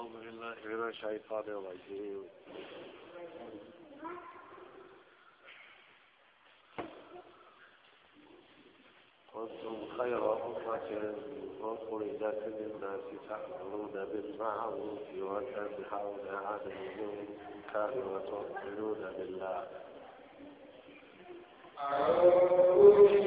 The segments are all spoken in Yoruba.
Euzu billahi mineşşeytanirracim. كنتم خير أمة أخرجت للناس تأمرون بالمعروف وتنهون عن المنكر وتؤمنون بالله. أعوذ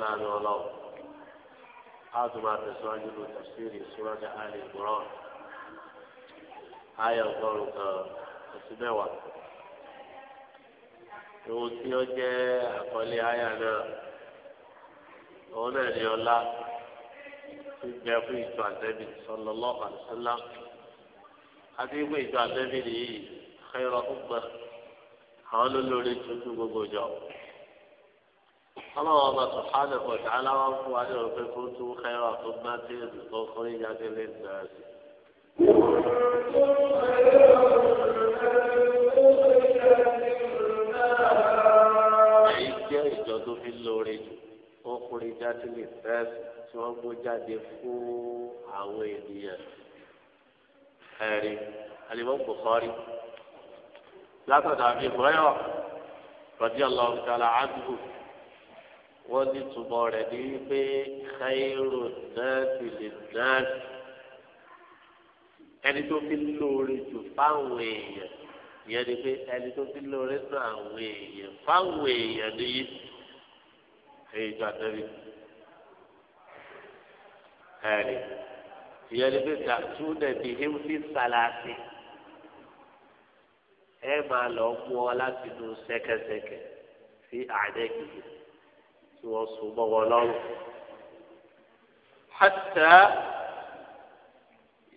pẹ̀lú àná ọlọ́run a tún máa tẹ̀síwájú ló tafsiri ìṣúrọ́jà àlè ìmúràn ayọ̀ ọgọ́rùn kan àti mẹ́wàá ohun tí ó jẹ́ àkọlé ayà náà òun náà ní ọlá tí ń bẹ fún ìjọ àtẹ́bí sallallahu alaihi àti pé ìjọ àtẹ́bí nìyí khayra ummah àwọn ló tuntun gbogbo jọ ọlọ́wọ́ ọba sọ̀hánà ọ̀dà aláwọ̀ fún wa ní òfin fún tún kẹ́rọ tó bá dé ìdùkọ́ fún ìyáde lè dà sí. èyí jẹ́ ìjọ tó fi lóore jù wọ́n kúrò jáde lè fẹ́ tí wọ́n gbó jáde fún àwọn ènìyàn. ẹ̀rí alimọ́ Bukhari látọ̀dọ̀ àbí ìbúrẹ́yọ̀ rọ̀dí ọlọ́run tààlà àdúgbò wọ́n ní túmọ̀ rẹ̀ ní wípé káyérò náà ti lè náà ẹni tó fi lóore jù fáwọn èèyàn ìyẹn ni pé ẹni tó fi lóore nù àwọn èèyàn fáwọn èèyàn nìyí èyí tó àtẹ́rí ẹ̀rí ìyẹn ni pé gàtú nàbí hímsì sàlàsì ẹ máa lọ mú ọ sẹ́kẹsẹ́kẹ sí àdẹ́kìyẹ tí wọ́n so mọ́ wọn lọ́rùn. hàtà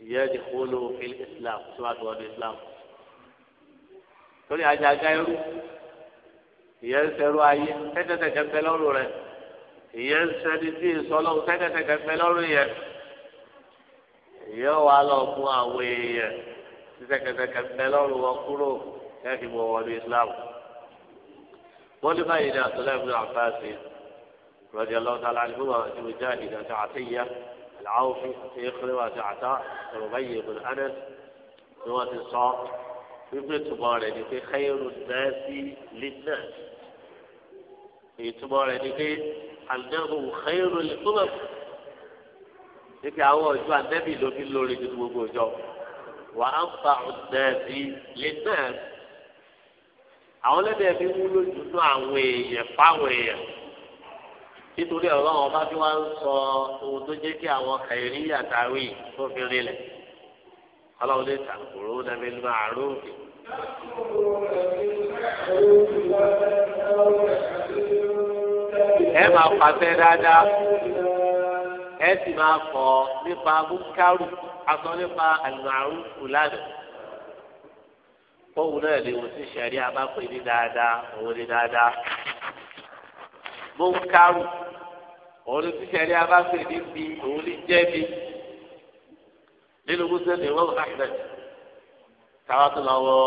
ìyẹn ni kúló fi islam tí wọ́n ti wọ́n ní islam. torí àjàgá irú ìyẹn ń sẹ́rú ayé tẹ́tẹ́tẹ́kẹ́ ń bẹ lọ́rùn rẹ̀ ìyẹn ń sẹ́ni tí ìsọlọ́run tẹ́tẹ́tẹ́kẹ́ ń lọ́rùn yẹn ìyẹn wà lọ fún àwọn èèyàn tẹ́tẹ́tẹ́kẹ́ ń lọ́rùn wọn kúrò kẹ́kì mọ́ wọn ní islam. wọ́n ní báyìí ní àtúnlẹ̀ fún àfáàsì. رضي الله تعالى عنهما مجاهد عطية العوفي إخوة عطاء ربيع بن أنس نوات الصاق wípé tùmọ̀ rẹ̀ ni pé xeyiru nàásì lìnà ìtumọ̀ rẹ̀ ni pé anahu xeyiru lìkúmọ níbi àwọn ọjọ́ anabi ló fi lórí ju gbogbo ọjọ́ wà á ń fa nàásì lìnà àwọn lẹ́dẹ̀ẹ́ fi wúlò jù lọ àwọn èèyàn fáwọn èèyàn nítorí ọlọ́run ọba bí wọ́n ń sọ ohun tó jẹ́ kí àwọn kẹ̀rí àtàwé tó fi rinlẹ̀ ọlọ́run lè tàkùrọ̀ ó dàbí ní àrùnfì. ẹ máa pàṣẹ dáadáa ẹ sì máa fọ nípa búkárù aṣọ nípa àlùmárù fúlàdà kóhùn náà lè wò sí sẹ̀rí abápẹ́ ní dáadáa òun ní dáadáa búkárù. òun ti sẹ́ni abáfẹ́ni bí òun ní jẹ́bi nínú musa ní wọn ahmed táwa tó lọ wọ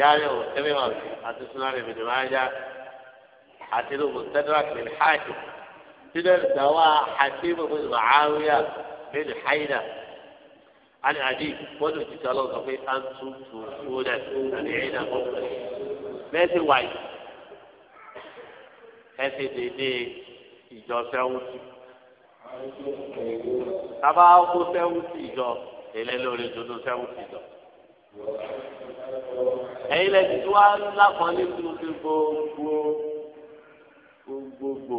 yáyọ ẹmẹwàá àti sunari bìnnìmáyà àti lóbu sẹdrak bin hajj sílẹ̀ dàwa hakim bin hayda adi wọn ti sọ lọ́wọ́ pé an tún tún fún àti ẹ̀yìn ìjọ sẹ́wùtì tábà kó sẹ́wùtì ìjọ èlé lórí dodo sẹ́wùtì ìjọ. ẹ̀yin lẹ́yìn tí wàá lápọ̀nlé tó ti gbogbo gbogbogbò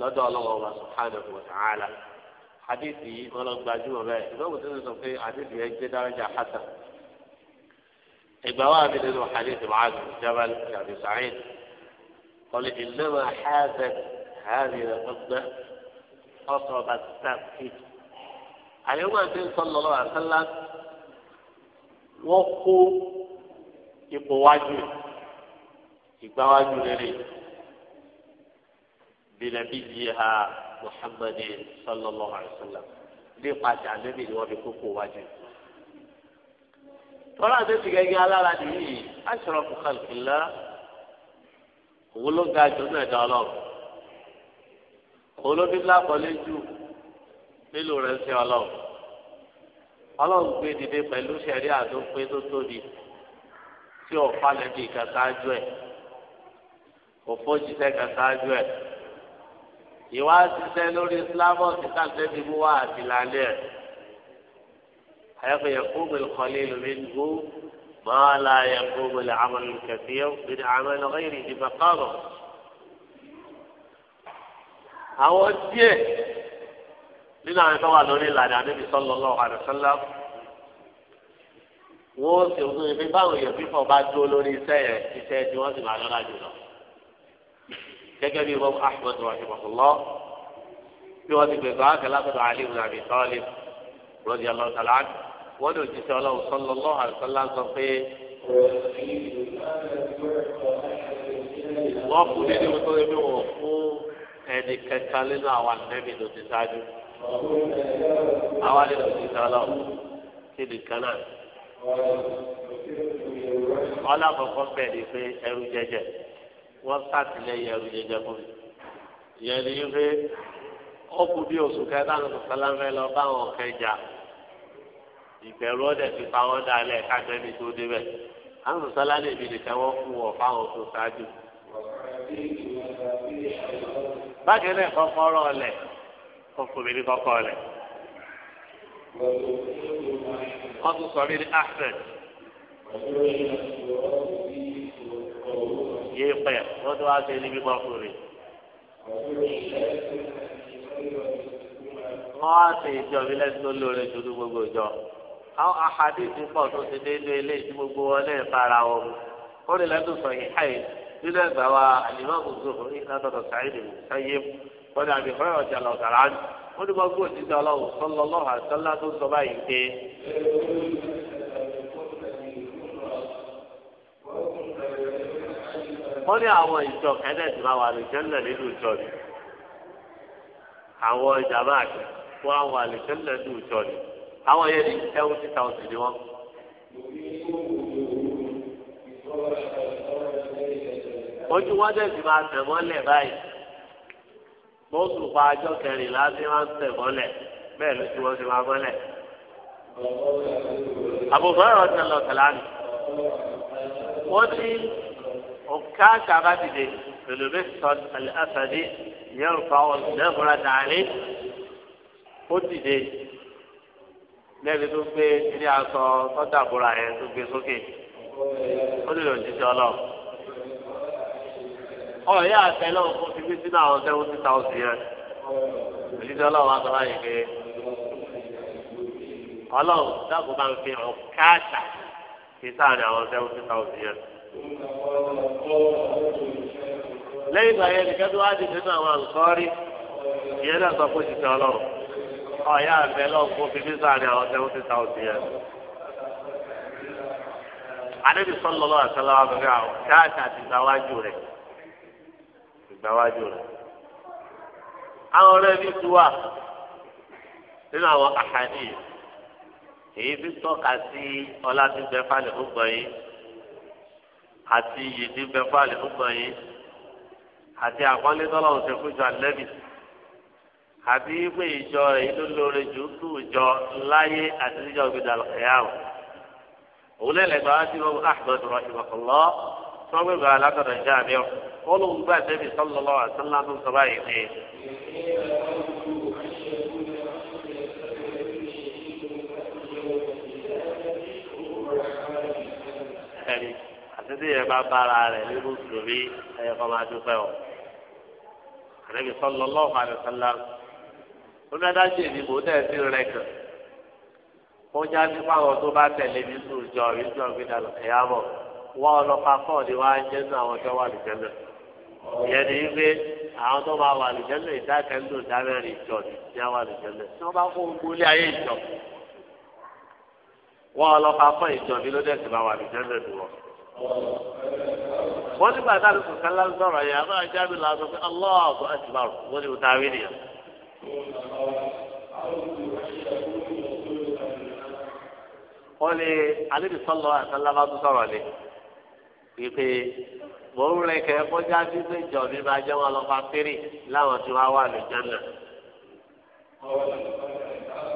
lọ́dọ̀ ọlọ́wọ́ wa subhanahu wa ta'ala hadithi yìí wọn lọ gbajúmọ̀ bẹ́ẹ̀ ìgbàgbọ́ tó ń sọ pé hadithi yẹn gbé daraja hasan ìgbàwọ́ àbí nínú hadithi wàhálà jabal àbí sa'id kọ́lé ìlẹ́wọ̀n hasan. هذه القبة حصب السبت أيما النبي صلى الله عليه وسلم وقوا إقواجه إقواجه لي بنبيها محمد صلى الله عليه وسلم nípasẹ̀ àlẹ́bí ni wọ́n fi kókó wájú. tọ́lá tó ti خلق الله nìyí aṣọ́rọ̀ kùkàlùkìlá òun olóbi ńlá kọ́lé jù nílò rẹ̀ sí ọlọ́run ọlọ́run gbé dìde pẹ̀lú sẹ̀rí àdópé tó tóbi tí ọ̀fà lẹ́bi kàtàájú ẹ̀ òfò jíṣẹ́ kàtàájú ẹ̀ ìwà ṣiṣẹ́ lórí islámọ̀ títà lẹ́bi mú wá àti lálẹ́ ẹ̀ ayọ̀kọ̀yẹ̀ kóbel kọ́lé lómi gbó mọ́ ọ́ la yẹ kóbel amọ̀lùkẹ́fẹ́ bí amọ̀lùkẹ́rì ìdìbò kọ́rọ̀ àwọn díẹ̀ nínú àwọn tó wà lórí ìlànà àdébí sallallahu alaihi wasallam wọ́n sì ń gbé bí báwọn èèyàn fífọ̀ bá dúró lórí iṣẹ́ yẹn iṣẹ́ tí wọ́n sì máa lọ́la jùlọ. gẹ́gẹ́ bí imam ahmed rahimahullah bí wọ́n ti gbẹ̀gbẹ́ àkàlà látọ̀dọ̀ ali ibn abi talib radiyallahu ta'ala wọ́n ní òjíṣẹ́ ọlọ́run ẹni kẹta nínú àwọn àtẹ́bí ló ti ṣáájú àwọn àlejò ti sá lọ kí nìkan náà ọlọ́kọ̀ọ́kọ́ bẹ̀ ni pé ẹrú jẹjẹ wọ́n sàtìlẹ́yìn ẹrú jẹjẹ fún mi ìyẹn ni pé ọkù bí oṣù kẹta lọ́sọ̀ sálámẹ́ lọ báwọn kẹjà ìbẹ̀rù ọ̀dẹ̀ ti pa wọ́n dalẹ̀ kájẹ́ni tó débẹ̀ àwọn sọ̀sálá lè bi nìkan wọ́n fún wọn fáwọn tó ṣáájú bákan náà kọ́kọ́rọ́ ọlẹ̀ kọ́kọ́bìnrin kọ́kọ́ ọlẹ̀. wọ́n tún sọ rí ní accent. yé pẹ́ wọ́n tún wá sí ní bíbọ́ fún mi. wọ́n á ìjọ mi lẹ́sìn tó lóore dúdú gbogbo ìjọ. àwọn àhàdí ti tó ti déédéé lé tí gbogbo wọn náà fara wọn. ó lè lẹ́tọ̀ sọ yìí háyìí nínú ẹgbà wa àyìnbá gbogbo òní látọ̀dọ̀ sàyẹ̀dì sàyẹ̀ wọn àbí fẹ́rẹ̀ ọ̀jà lọ́sàrà ni wọn ni wọn gbọ́ òjijì ọlọ́run sọlọ lọ́wọ́ àtọ́lá tó sọ báyìí pé. wọ́n ní àwọn ìjọ kẹ́lẹ́ ti máa wà lùjẹ́lẹ̀ nínú ìjọ ni àwọn ìjàmbá àgbẹ̀ wọ́n wà lùjẹ́lẹ̀ nínú ìjọ ni àwọn yẹn ní seventy thousand ni wọ́n ojú wọn dẹ̀ sì máa tẹ̀ mọ́lẹ̀ báyìí mọ́tò pa ajọ́ kẹrìnlá tí wọ́n ń tẹ̀ mọ́lẹ̀ bẹ́ẹ̀ ló ti wọ́n ti máa mọ́lẹ̀. àbùbọ́n ọ̀rọ̀ ti lọ tẹ̀lá ni wọ́n ní òǹkà kàbá dìde pẹ̀lú bí sọ́ọ̀tì àlẹ́ àtàdé ìyẹn rúfa wọn lẹ́bùrà dàrí ó dìde lẹ́ni tó gbé ilé aṣọ tọ́jà búra yẹn tó gbé sókè ó dìde òjijì ọlọ́run ọ̀yẹ́ àtẹlẹ́ òfin ti gbé sínú àwọn seventy thousand yẹn òṣìṣẹ́ ọlọ́run wa sọ láyé pé ọlọ́run dáàbò bá ń fi hàn káàtà sí sáàrin àwọn seventy thousand yẹn. lẹ́yìn ìgbà yẹn nìkan tó wá di nínú àwọn àǹkọ́rí ìyẹn náà sọ fún òṣìṣẹ́ ọlọ́run ọ̀yẹ́ àtẹlẹ́ òfin ti gbé sáàrin àwọn seventy thousand yẹn. Adébísọ́ lọ́lọ́ àtẹlẹ́ wa fẹ́ ìgbàwájú rẹ̀ àwọn ọ̀rẹ́ mi ti wà nínú àwọn àhàdì èyí ti tọ́ka sí ọlá tí ń bẹ fáàlì gbogbo yìí àti iyì tí ń bẹ fáàlì gbogbo yìí àti àpọ́nlé tọ́lọ́hùn ṣe fún ìjọ àlẹ́bì àti pé ìjọ èyí ló lóore jù ú ìjọ láyé àti níjọ gbẹdàlọ́kẹ́yàwó òun lẹ́lẹ́gbàá tí wọ́n ahmed rahimahullah sọ́gbẹ́ gba alátọ̀dọ̀ ṣe àbíọ́ olùgbà débi sọ́lọ́lọ́ àtúnlá tó sọ báyìí pé. ẹ̀rí àtúntì yẹn bá bára rẹ̀ nínú sùnmí ẹ̀yẹ kọ́ máa dúpẹ́ o. àdébí sọ́lọ́lọ́ àtúnlá ó ní adájọ́ èmi mò ń tẹ̀ sí rẹ̀ kàn. ó já sí fáwọn tó bá tẹ̀lé nínú ìjọ ìjọ ìgbéga lọ́kẹ́yàbọ̀ wọ́n ọlọ́pàá kọ́ ni wọ́n á jẹ́ nínú àwọn tó wà lùjẹ́lẹ̀ ìyẹn ni wípé àwọn tó máa wà lùjẹ́lẹ̀ ìdákẹ́lò dámẹ́rin ìjọ ni wọ́n wà lùjẹ́lẹ̀ tí wọ́n bá kó gbólé ayé ìjọ wọ́n ọlọ́pàá kọ́ ìjọ mi ló dẹ̀ sì wà lùjẹ́lẹ̀ lù wọ́n. wọ́n nígbà táwọn kòkàn lásọ̀rọ̀ yẹn àbá jábì lásán pé aláàbò àti bàrù wọ́n òtá rí nìyẹn. wọ́n ní alẹ́ wípé mò ń rìn kẹ́ kọjá bí pé jọ mi máa jẹ́ wọn lọ fa péré láwọn tí wọ́n wà ní jẹ́nà.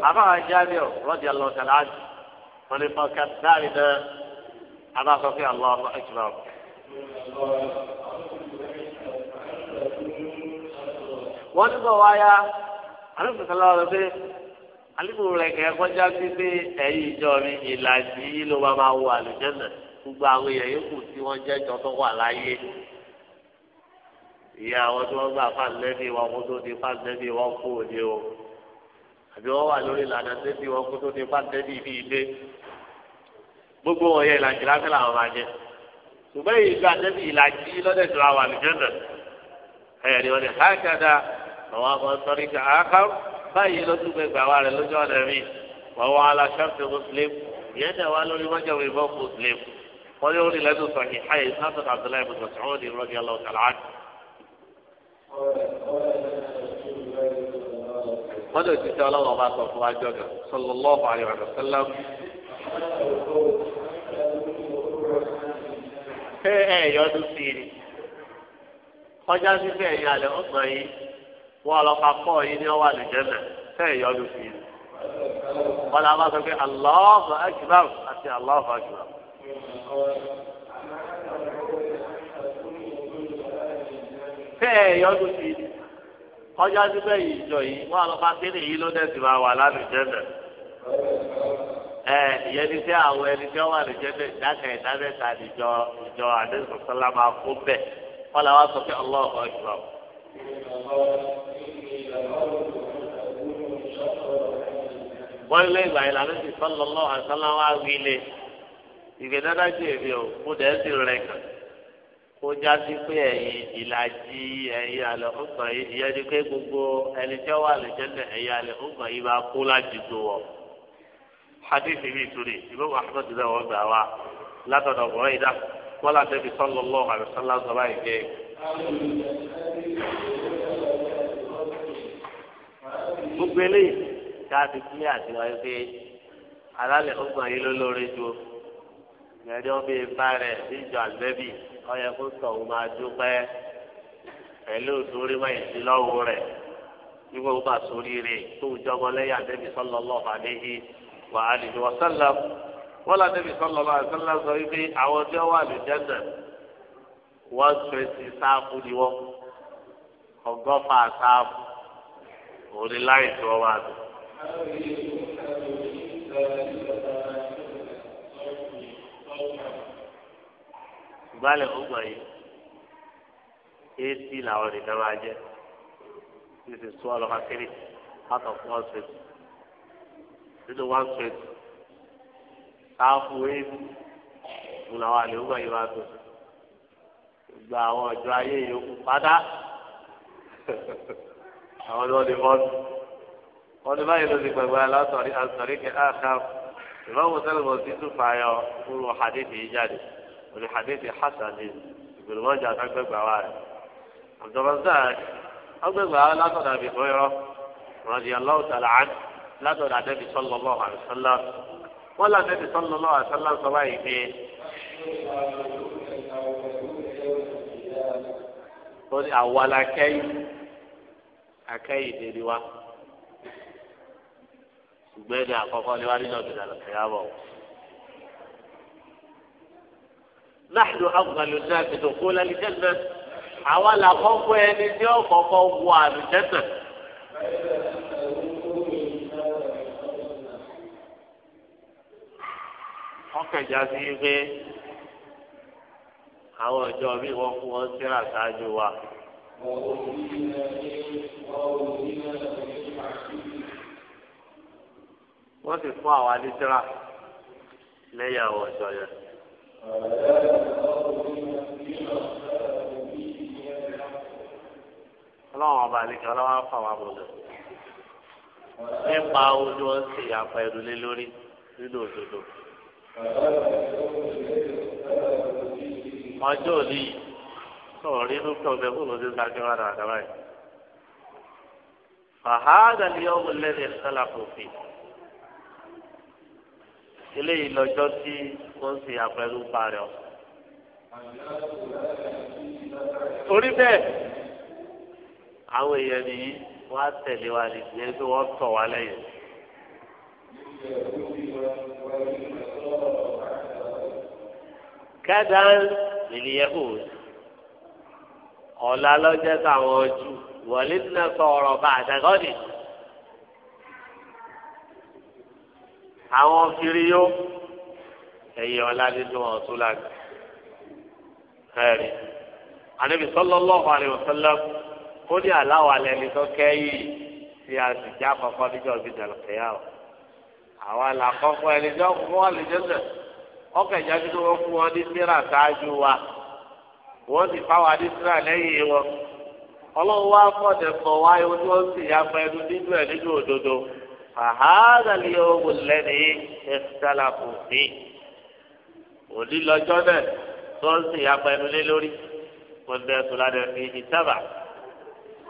àbáwá jáde ọ̀ rọ́jì ọlọ́ọ̀tàlá wọn ni fọkà dáre náà abáfọ́fẹ́ aláwọ̀ ẹ̀jìnà. wọ́n ní bọ̀ wáyà alùpùpùsọ̀lá ọ̀rọ̀ pé alùpùpù rẹ̀ kẹ́ kọjá bí ẹ̀yìn ìjọ mi ìlàjì ló bá máa wọ àlùjẹ́nà gbogbo àwọn èèyàn yòókù tí wọ́n jẹ́ jọ tó wà láyé ìyá àwọn tí wọ́n gbà fáńdẹ́bì wọn kó tó di fáńdẹ́bì wọn kú òde o àbí wọ́n wà lórí ìlànà tẹ́bì wọn kó tó di fáńdẹ́bì bí ilé gbogbo wọn yẹ ìlàjì láfẹ́ làwọn máa jẹ ṣùgbọ́n èyí gba tẹ́bì ìlàjì lọ́dẹ̀ tó àwọn àlùjọ́nà ẹ̀yẹ̀ ni wọ́n ní hákàdá àwọn ọmọ sọ́rí ká áká báyìí lọ́dún gbẹgbẹ́ àwa rẹ̀ lójú ọ̀nà mi wọ́n wọ́n aláṣọ́ wọ́n yóò rí lẹ́nu sọ̀hí ayé sátọ̀ الله ibn Mas'ud radiyallahu الله anhu. wọ́n lè ti sẹ́ ọlọ́wọ́ bá sọ fún ajọ́ gan sallallahu alayhi wa sallam. ṣé ẹ yọdún sí i ni kọjá síbẹ̀ ẹ̀yìn alẹ́ ọgbọ̀n yìí wọ́n lọ ka kọ́ yìí ni wọ́n wà lùjẹ́ mẹ́ ṣé yọdún sí i ni. wọ́n lọ bá sọ pé Allahu akbar àti Allahu akbar. bẹ́ẹ̀ yọdú sí kọjá síbẹ̀ yìí jọ yìí wọ́n lọ́ bá kéde yìí ló dẹ̀sí máa wà lálùjẹ́dẹ̀. ẹ ìyẹn ní sẹ́ àwọn ẹni tí wọ́n wà lùjẹ́dẹ̀ dáka ẹ̀dá mẹ́ta níjọ ìjọ àdéhùn sọ́lá máa kó bẹ́ẹ̀ wọ́n làwọn sọ pé ìgbà. wọ́n lé ìgbà yìí wa ìgbẹ́dáná sí èmi o mo dẹ̀ sí rẹ̀ kàn kó já sí pé ẹ̀yin ìlàjì ẹ̀yin àlẹ́ ọgbà yìí ìyẹn ni pé gbogbo ẹni tí wọ́n wà lè jẹ́lẹ̀ ẹ̀yin àlẹ́ ọgbà yìí máa kó láti gbò wọ̀. hadith mi ìtúni ìbí wọn ahmed náà wọn gbà wá látọ̀dọ̀ ọ̀gbọ̀n yìí dá wọ́n láti fi sọ́lọ́ lọ́wọ́ àbí sọ́lá sọ́lá ìgbé. gbogbo ìyẹnì ọbẹ̀ ìbá rẹ̀ níjọ àgbẹ̀bí ọyẹ kó sọ̀hún máa dúpẹ́ pẹ̀lú rẹ̀ wíwọ́n bá sórí rẹ̀ tó jọmọ lẹ́yìn wa wọ́n sọ wípé àwọn tí wọ́n wà wọ́n ìgbálẹ̀ ọgbọ̀n yìí eighty làwọn nìkan máa jẹ́ this is two ọlọ́mọ kiri out of one twenty nínú one twenty káfù eighty ń làwọn àlè ọgbọ̀n yìí máa tó gba àwọn ọjọ́ ayé yòókù pátá àwọn ni wọ́n ti fọ́ọ̀tù wọ́n ti báyìí ló ti gbàgbé alásọ̀rí asọ̀rí kẹ́ áàkáfù ìbámu sẹ́lẹ̀mọ̀ ti tún fààyàn kúrò hadith yìí jáde òní hadith hasan ní ìgbèrè wọn jà sàgbẹ̀gbà wa rẹ̀ abdulrasaq ọgbẹ̀gbà wa látọ̀dà bí bóyọ radiyallahu ta'ala an látọ̀dà Ànábì sallallahu alaihi wasallam wọn là Ànábì sallallahu alaihi wasallam sọ báyìí pé. wọ́n ní àwọn akẹ́yìn akẹ́yìn lè wa. ṣùgbọ́n ẹni àkọ́kọ́ ni wá nínú ọ̀gbìn àlùkìyàmọ̀. نحن أفضل الناس دخولا للجنة àwa là kọ́kọ́ ẹni tí ó wọ àlùjẹ́tẹ̀. wọ́n kẹ̀já sí pé àwọn ọjọ́ bí wọ́n fún wọn wa. wọ́n sì fún àwọn alísírà lẹ́yìn àwọn ọ̀ṣọ́ yẹn. ọlọ́run ọba àlejò ọlọ́wọ́ fà wá bọ̀dọ̀ nípa ojú wọn sì apá ìrùlé lórí nínú òdodo. ọjọ́ òní yìí sọ̀rọ̀ nínú tọ́gbẹ́ fún òdodo sáájú wa dáadáa báyìí. fàhádà ni ọmọ lẹ́nu ẹ̀ sálà eléyìí lọ́jọ́ tí ó ń ṣe àpẹẹrù parẹ́ ọ. torí bẹ́ẹ̀ àwọn èèyàn nìyí wọ́n á tẹ̀lé wa ní ìyẹn pé wọ́n tọ̀ wá lẹ́yìn. kẹ́dán ìlìyẹ́hùn ọ̀la lọ́jọ́ táwọn ojú wọ̀lé náà sọ ọ̀rọ̀ bá àtàkọ́ nìyí. àwọn kiri yó ẹyẹ ọládé tó wọn tó lágbè ẹrí anabi sallallahu alaihi wasallam ó ní aláwọ alẹ ní tó kẹyì tí a sì já kọ́kọ́ níjọ bí dàlùkẹyà o àwọn alàkọkọ ẹni tó fún wọn lè jẹsẹ ọkọ ìjà tó wọn fún wọn ní síra ṣáájú wa wọn sì fáwọn ní síra lẹ́yìn wọn Ọlọ́run wá fọdẹ kọ wáyé wọn tí wọn sì yá pẹ̀lú nínú ẹ nínú òdodo fàhádà lè owó lẹ́ni ẹ̀sítálàfù ní. òní lọ́jọ́ náà tó ń sìn apẹnulé lórí kò ń dẹ́sùn ládẹ́ fi ìtàbà.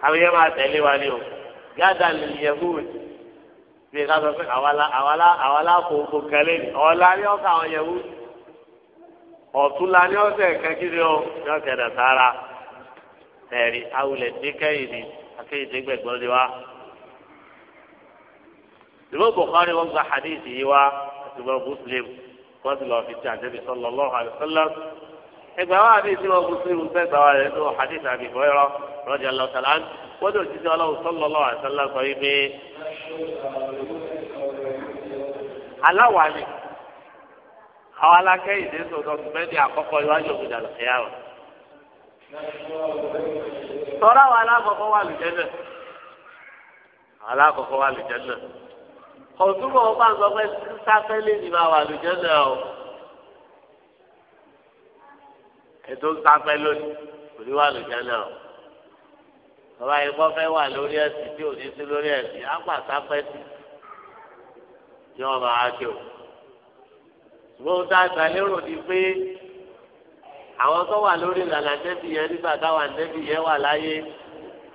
àwọn yẹn máa tẹ̀lé wa ni o yáda lè yẹ húwì bí ká sọ pé àwa láfọwọ́ kẹlẹ́ ni ọ̀la ni ọ̀ka àwọn yẹn húwì ni ọ̀sẹ̀ kẹ́kiri o ní ọ̀sẹ̀ dàtara ẹ̀rí awulẹ̀ díkẹ́yìn ni akéyìndégbẹ̀gbọ́n ni ìmọ̀ Bukhari wọn gba hadith yìí wá àti ìmọ̀ Muslim wọn ti lọ́ọ́ fi ti àjẹbí sallallahu alaihi wasallam ẹgbẹ́ wa ní ìsìn wọn Muslim fẹ́ gbà wá rẹ̀ nínú hadith àbí ìfọyọ́rọ́ radiyallahu ta'ala wọ́n tó jíjẹ́ ọlọ́run sallallahu alaihi wasallam sọ yìí pé aláwàní àwọn alákẹ́yìn ní sọ̀tọ̀ mẹ́ni àkọ́kọ́ iwájú òkúta lọ́kẹ́yà wọn. tọ́lá wa alákọ̀ọ́kọ́ wà lùjẹ́ náà alákọ̀ọ́kọ́ wà lùjẹ́ náà ọ̀túnbọ̀ ọba ń sọ pé sáfẹ́lẹ́ ni máa wà lójọ́ náà o ètò sáfẹ́ lónìí kò ní wà lójọ́ náà o bàbá yìí kọ́ fẹ́ wà lórí ẹ̀sìn tí ò ní sí lórí ẹ̀sìn á gbà sáfẹ́ sí ni wọ́n máa kí o ṣùgbọ́n tá a gbà lérò ni pé àwọn tó wà lórí ìlànà tẹ́sí yẹn nígbà táwọn tẹ́sí yẹn wà láyé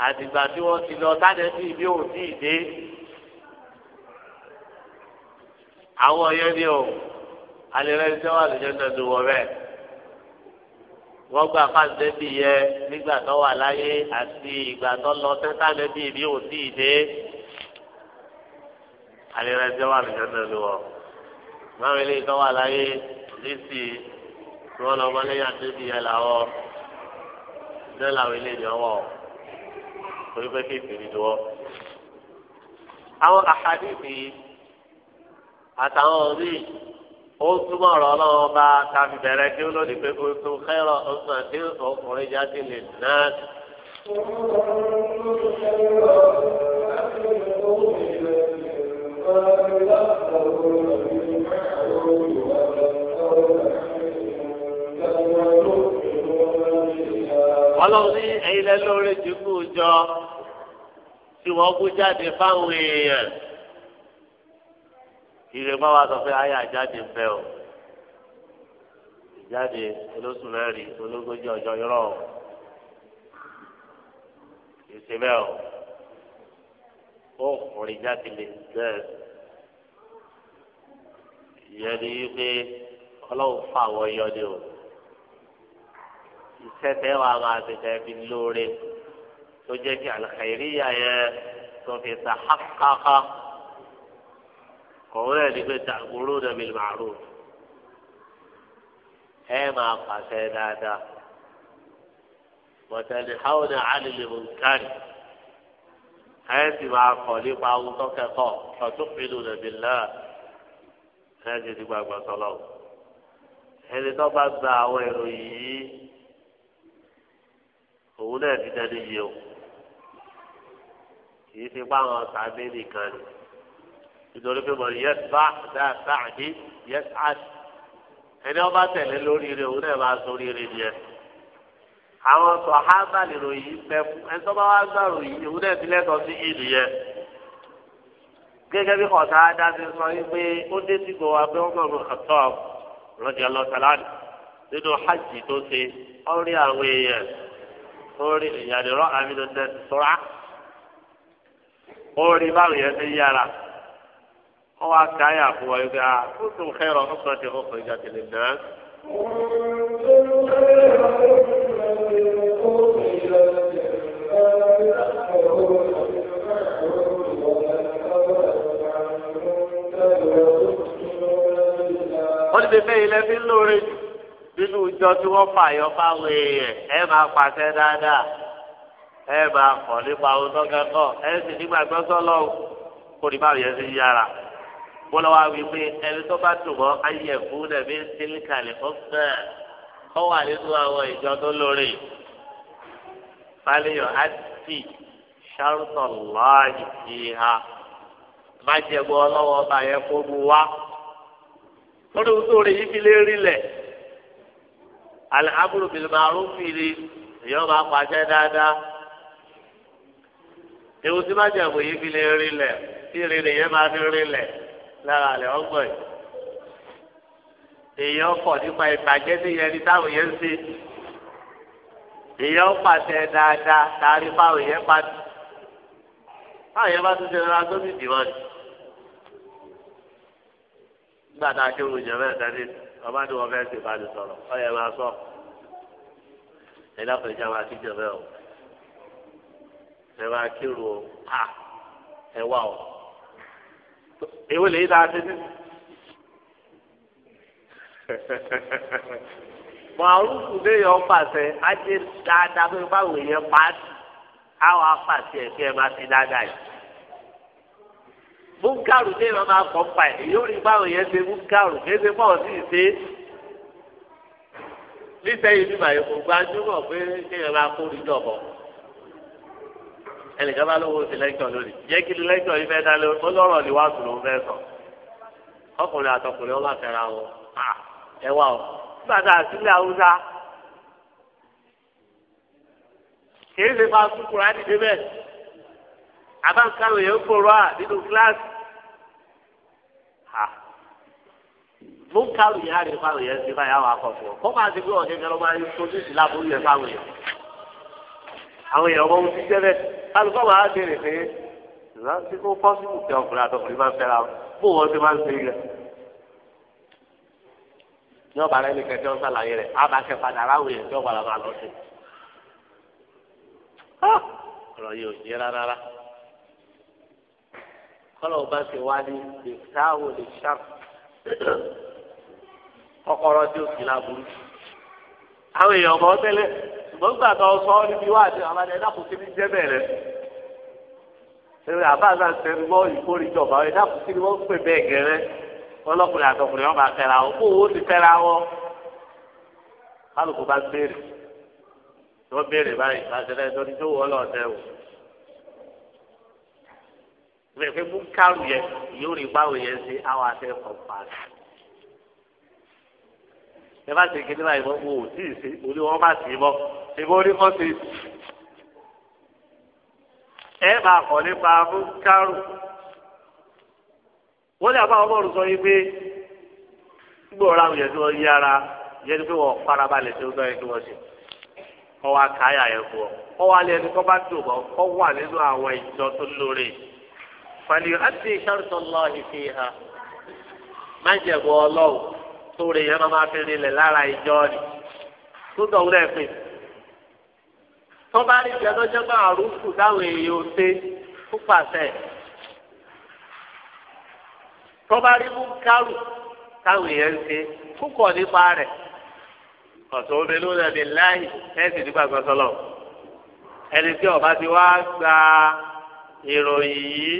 àtìgbà tí wọ́n ti lọ tádẹ́sí ìbí òun tí ì dé àwọn yẹn ni o alẹ́rẹ́ tí wọ́n àlejò náà ti wọ bẹ́ẹ̀ wọ́n gba fáńdẹ́bì yẹ nígbà tó wà láyé àti ìgbà tó lọ sẹ́ńtánẹ́bì mi ò tí ì dé alẹ́rẹ́ tí wọ́n àlejò náà ti wọ máa ilé tó wà láyé lísì tí wọ́n lọ wọlé àtẹ́bì yẹ làwọ̀ náà làwọn ilé yẹn wọ̀ orí pé kéèké ni wọ́n. àwọn àhàdì yìí àtàwọn òbí ó túmọ̀ ọ̀rọ̀ ọlọ́run bá tàbí bẹ̀rẹ̀ kí ó lòdì pé kó tó kẹ́rọ̀ ọ̀sùn àti ọkùnrin jáde lè náà. ọlọ́run ní ẹ̀yin lẹ́lọ́rẹ́ jù kú jọ tí wọ́n kú jáde fáwọn èèyàn ìrè má wá sọ pé ayé àjáde ń bẹ o ìjáde olóṣù mẹ́rin ológójì ọjọ́ yọrọ o ìṣe bẹ́ẹ̀ o ó rìn jáde lè bẹ́ẹ̀ ìyẹn ni wípé ọlọ́run fà wọ́n yọdẹ o iṣẹ́ tẹ́ máa tètè fi lóore tó jẹ́ kí àlùkàyèrè yà yẹ tó fi ta hákàkà òun náà ní pé tàkùrú náà mi màrú ẹ máa pàṣẹ dáadáa bọ̀tẹ́ni háwọn náà á lè lè mú nkárì ẹ sì máa kọ̀ nípa ohun kẹ́kọ̀ọ́ ọ̀tún pinnu náà mi náà sì ti gbàgbọ́ sọlọ́ ẹni tó bá gba àwọn ìròyìn yìí òun náà ti dẹni yìí o kì í fi pa àwọn ọ̀tá mi nìkan ni nítorí pé mọ̀ yẹ bá dáa sáàdì yẹ sáàdì ẹni ọba tẹ̀lé lórí rẹ òun náà máa sórí rẹ nìyẹn àwọn sọ̀hábà lèrò yìí pẹ́ fún ẹni tó bá wá gbàrò yìí òun náà ti lẹ́tọ̀ọ́ sí ìnìyẹn gẹ́gẹ́ bí ọ̀tá adáṣe sọ wípé ó dé sí gbọ́ wa pé wọ́n mọ̀ ọ̀tọ̀ rọ́jà lọ́sàlánì nínú hajj tó ṣe ó rí àwọn èèyàn ó rí ìyàdìrọ́ àmì lọ́sẹ̀ sọ́ra ó rí báwọn yẹn ti yára wọ́n wá ká yà fún wa yóò fún tún xẹ́rọ̀ ọ̀hún sọ̀rọ̀ ti kọ́kọ́ ìjà tẹ̀lé náà. wọ́n ti fẹ́ ilẹ̀ fi ń lóore jù nínú ìjọ tí wọ́n fà yọ fáwọn èèyàn ẹ máa pàṣẹ dáadáa ẹ máa kọ̀ nípa ohun tó ẹ sì nígbàgbọ́sọ́ lọ́wọ́ kò ní báwo yẹn ti yára bọ́lá wa wí pé ẹni tó bá tù mọ́ ayẹ̀kú dẹ̀bí sílíkàlẹ̀ ọ̀gbẹ́ ọ wà nínú àwọn ìjọ tó lórí fàlẹ́yọ̀ àti sàrùtọ̀ lọ́ọ̀yì ìhà májẹ̀bọ̀ ọlọ́wọ́ ọba yẹn kó bu wá lórí wútórí yìí fi lé rílẹ̀ alihamdu bilimaru fili èyí ọba pàṣẹ dáadáa ewu tí májẹ̀bọ̀ yìí fi lé rílẹ̀ tí rírì yẹn máa fi rílẹ̀. lára ọgbọ ọgbọ̀n èèyàn pọ̀ nípa ìbàjẹ́ sí yẹn táwọn yẹn ń ṣe èèyàn pàṣẹ dáadáa tààrí fáwọn yẹn pàṣẹ fáwọn yẹn bá tún ṣe lọ́la tó sì dìwọ́n ni nígbà tá a ké wù bẹ́ẹ̀ tẹ́lẹ̀ ọba ni wọ́n fẹ́ẹ́ ṣèbánu sọ̀rọ̀ ọ̀yẹ̀ máa sọ ẹ ìjà máa ti jẹ bẹ́ẹ̀ o ẹ máa kírun o ẹ wá o. èwo lè dá sí nínú. màrúfù léyìn ọ̀pàṣẹ ajé dáadáa pé báwo yẹn pa á sí àwọn apàṣẹ ẹ̀kẹ́ ẹ̀ máa ti dáadáa yìí. múngàrù léyìn ọmọ akọ̀ ń pa ẹ̀ yóò rí báwo yẹn ṣe múngàrù kí ẹsẹ̀ pọ̀ sí ìṣe. níṣẹ́ yìí bí màá yẹ kó gbajúmọ̀ pé kéèyàn máa kó rí dọ̀bọ̀. ẹnìkan bá lówó sí lẹ́kítọ̀ lónìí jẹ́ kí lẹ́kítọ̀ yìí fẹ́ dá lórí ó lọ́rọ̀ ni wàá sùn ló ń fẹ́ sọ ọkùnrin àtọkùnrin ọba fẹ́ra wọn ẹ wá o nígbà tá a sílẹ̀ haúsá kìí ṣe máa sún kura nídìí bẹ́ẹ̀ àbáǹkárò yẹn ń kóró à nínú kíláàsì mo yẹn yẹn báyà wà ọ máa ti gbé yẹn fáwọn àwọn èèyàn ọmọ ohun ti tẹ́lẹ̀ kálukọ́ máa béèrè pé ìrántí kó pọ́sibù tẹ ọkùnrin àtọkùnrin máa ń fẹ́ra bó wọ́n ti máa ń ṣe rẹ̀. ní ọba rẹ nìkan tí wọ́n sàlàyé rẹ̀ abàkẹ́ padà aráwọ̀ yẹn tí ọba rẹ máa lọ sí. ọ̀rọ̀ yìí ò yẹ rárá. kọ́lọ̀ ọba ti wá ní ìsáwò lè ṣàp kọ́kọ́rọ́ tí ó fi láburú. àwọn èèyàn ọmọ tẹ́lẹ̀ ṣùgbọ́n nígbà tó sọ ọ́ níbi wá àti àwọn ẹ̀dá kò sí ní jẹ́ bẹ̀rẹ̀ ṣẹlẹ̀ àbá náà ṣẹlẹ̀ mọ́ ìkórìjọba ẹ̀dá kò sí ní wọ́n pè bẹ́ẹ̀ gẹ́rẹ́ wọn lọ́kùnrin àtọkùnrin wọn bá fẹ́ra wọn kó owó ti fẹ́ra wọn kálukú bá béèrè wọ́n béèrè báyìí láṣẹlẹ̀ tó ní tó wọ́ lọ́ọ̀tẹ́ o ìgbẹ́ fún kárù yẹn yóò rí yẹn ṣe ẹ bá ṣe kíní báyìí wọn ò tí ì ṣe orí wọn bá sì mọ ṣèbó orí kan ṣe. ẹ máa kọ̀ nípa múkárù wọ́n ní àbáwọn bọ́ọ̀lù sọ yìí pé gbọ́dọ̀ àwọn yẹn tí wọ́n yí ara yẹn ni pé wọ́n farabalẹ̀ tí ó gbọ́ yẹn kí wọ́n ṣe kọ́ wa káyà yẹn fún ọ kọ́ wa lé ẹni bá dùn bọ́ kọ́ wà nínú àwọn ìjọ tó lóore fàlì àti ìṣàrùsọ̀ lọ́ọ̀ ìfihàn má jẹ̀bọ́ ọlọ́wọ́ sóore yẹn máa máa fi rinlẹ̀ lára ìjọ ni tó dọ̀wọ́ náà pè. tó bá rí ìjọ lọ́jọ́ bá àrùkù táwọn èèyàn ò ṣe fún pàṣẹ. tó bá rí múkárù táwọn èèyàn ń ṣe púpọ̀ nípa rẹ̀. ọ̀sán omi ló lẹ́bi láì ẹ̀sìn nígbà gbọ́sọ́lọ̀. ẹni tí ọba ti wá gba ìròyìn yìí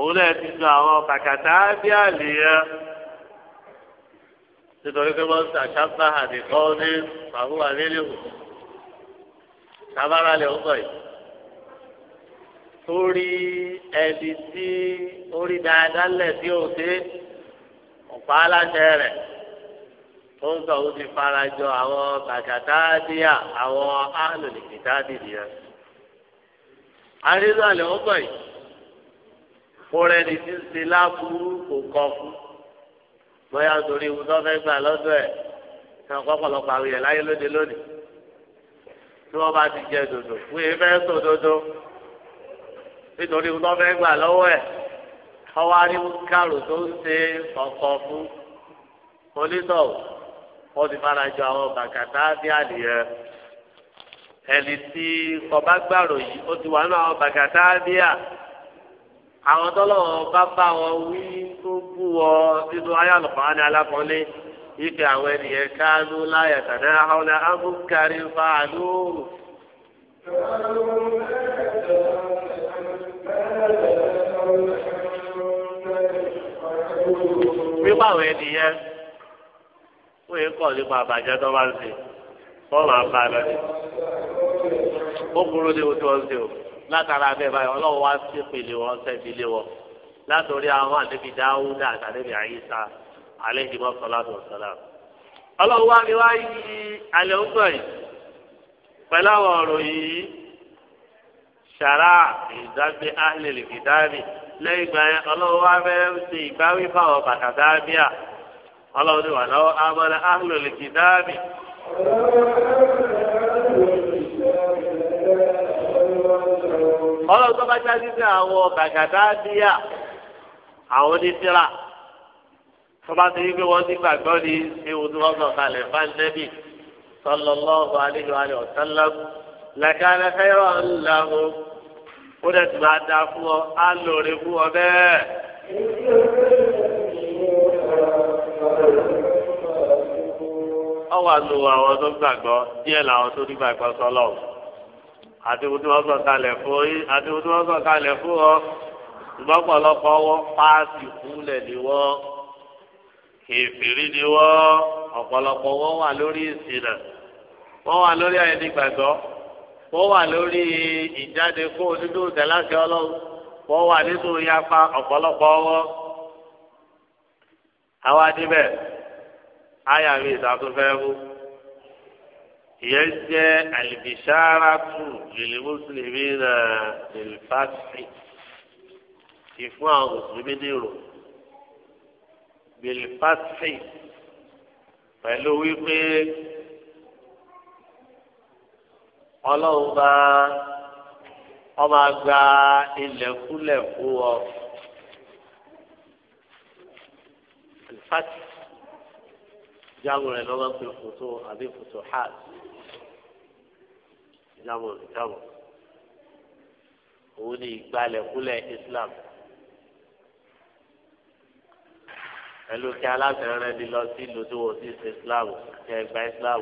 òun náà ti ju àwọn kàkàtà bí yẹn nítorí pé wọ́n ń sàṣàbà àdìkọ́ ní màhúwà nílé wò sábàrà lè ń sọ yìí torí ẹni tí orí dáadáa lẹ̀ tí ò dé ọ̀pá aláṣẹ rẹ̀ tó ń sọ òun ti fara jọ àwọn bàtàtàdíà àwọn àlòlìkìtàdì nìyẹn arínú àlè ń sọ yìí kó rẹni ń ṣe láburú kò kọ fún bóyá torí ewu tó fẹ́ gbà lọ́dọ̀ ẹ̀ sọ pọ́pọ́lọpọ̀ àwọn èèyàn láyé lóde lónìí tí wọ́n bá ti jẹ dòdò fún èyí fẹ́ sọ dòdò nítorí ewu tó fẹ́ gbà lọ́wọ́ ẹ̀ ọwọ́ aríwú kárò tó ń ṣe ọkọ̀ fún pólítọ̀ wọ́n ti fara jọ àwọn bàkàtà bí adìyẹ ẹni tí ọba gbàrò yìí ó ti wà nínú àwọn bàkàtà bí adìyẹ àwọn tọ́lọ́wọ́ bá bá wọn wí tó bú ọ nínú ayálùkọ́ á ní alákọ̀ọ́lé ife àwọn ènìyàn kánú láyà tàdé àwọn amúkárí fàánú. wípé àwọn ènìyàn wọ́n yẹ kọ́ nípa àbàjẹ́ tó bá ń ṣe wọ́n máa bá a lọ ó burú ní oṣù ọ̀sẹ̀ o. látara abẹ́ báyìí ọlọ́run wá sí ìpele wọn sẹ́bílé wọn látòrí àwọn àdébí dáwúdà àtàdébí àyíṣà àlẹ́jìmọ́ sọláàtò sọlá. ọlọ́run wá ní wá yi alẹ́ yìí pẹ̀lú àwọn ọ̀rọ̀ yìí ṣàrà ìdágbé lẹ́yìn ìgbà yẹn wá ṣe ìgbáwí fáwọn ní wà lọ́wọ́ ọlọ́run tó bá já sí sí àwọn bàgàdá díà àwọn onísìlá tó bá ti rí pé wọ́n ti gbàgbọ́ ní ewu tí wọ́n sọ kalẹ̀ fáńdẹ́bì sallallahu alaihi wa sallam làkàlẹ̀ fẹ́ràn ńlá o ó dẹ̀ tún máa da fún ọ á lòrè fún ọ bẹ́ẹ̀. ọwọ́ àlùwọ̀ àwọn tó gbàgbọ́ díẹ̀ làwọn tó ní gbàgbọ́ sọlọ́ọ̀ àti ohun tí wọ́n sọ kalẹ̀ fún yín àti ohun tí wọ́n sọ kalẹ̀ fún ọ ṣùgbọ́n pọ̀lọpọ̀ wọ́n paasi kúlẹ̀ ni wọ́n kèfèrí ni wọ́n ọ̀pọ̀lọpọ̀ wọ́n wà lórí ìsìnà wọ́n wà lórí àyẹ̀dí gbàgbọ́ wọ́n wà lórí ìjáde kó nínú ìtẹ̀láṣẹ ọlọ́run wọ́n wà nínú yapa ọ̀pọ̀lọpọ̀ wọ́n. àwa níbẹ̀ àyà mi ìtàkùn ìyẹn jẹ́ àlìbìṣáràtù lèlè mùsùlùmí náà lèlè fásitì ìfún àwọn mùsùlùmí nírò lèlè fásitì pẹ̀lú wípé ọlọ́run bá ọmọ àgbà ilẹ̀kúlẹ̀ fún ọ. fásitì jáwé rẹ̀ lọ́wọ́ pé fòtò àbí fòtò hàt ìsìlámù ìsìlámù òun ni ìgbàlẹ̀kúlẹ̀ islam pẹ̀lú kí aláfẹ̀rẹ́ di lọ sí ìlú tí wọ́n ti ṣe islam kí ẹ gba islam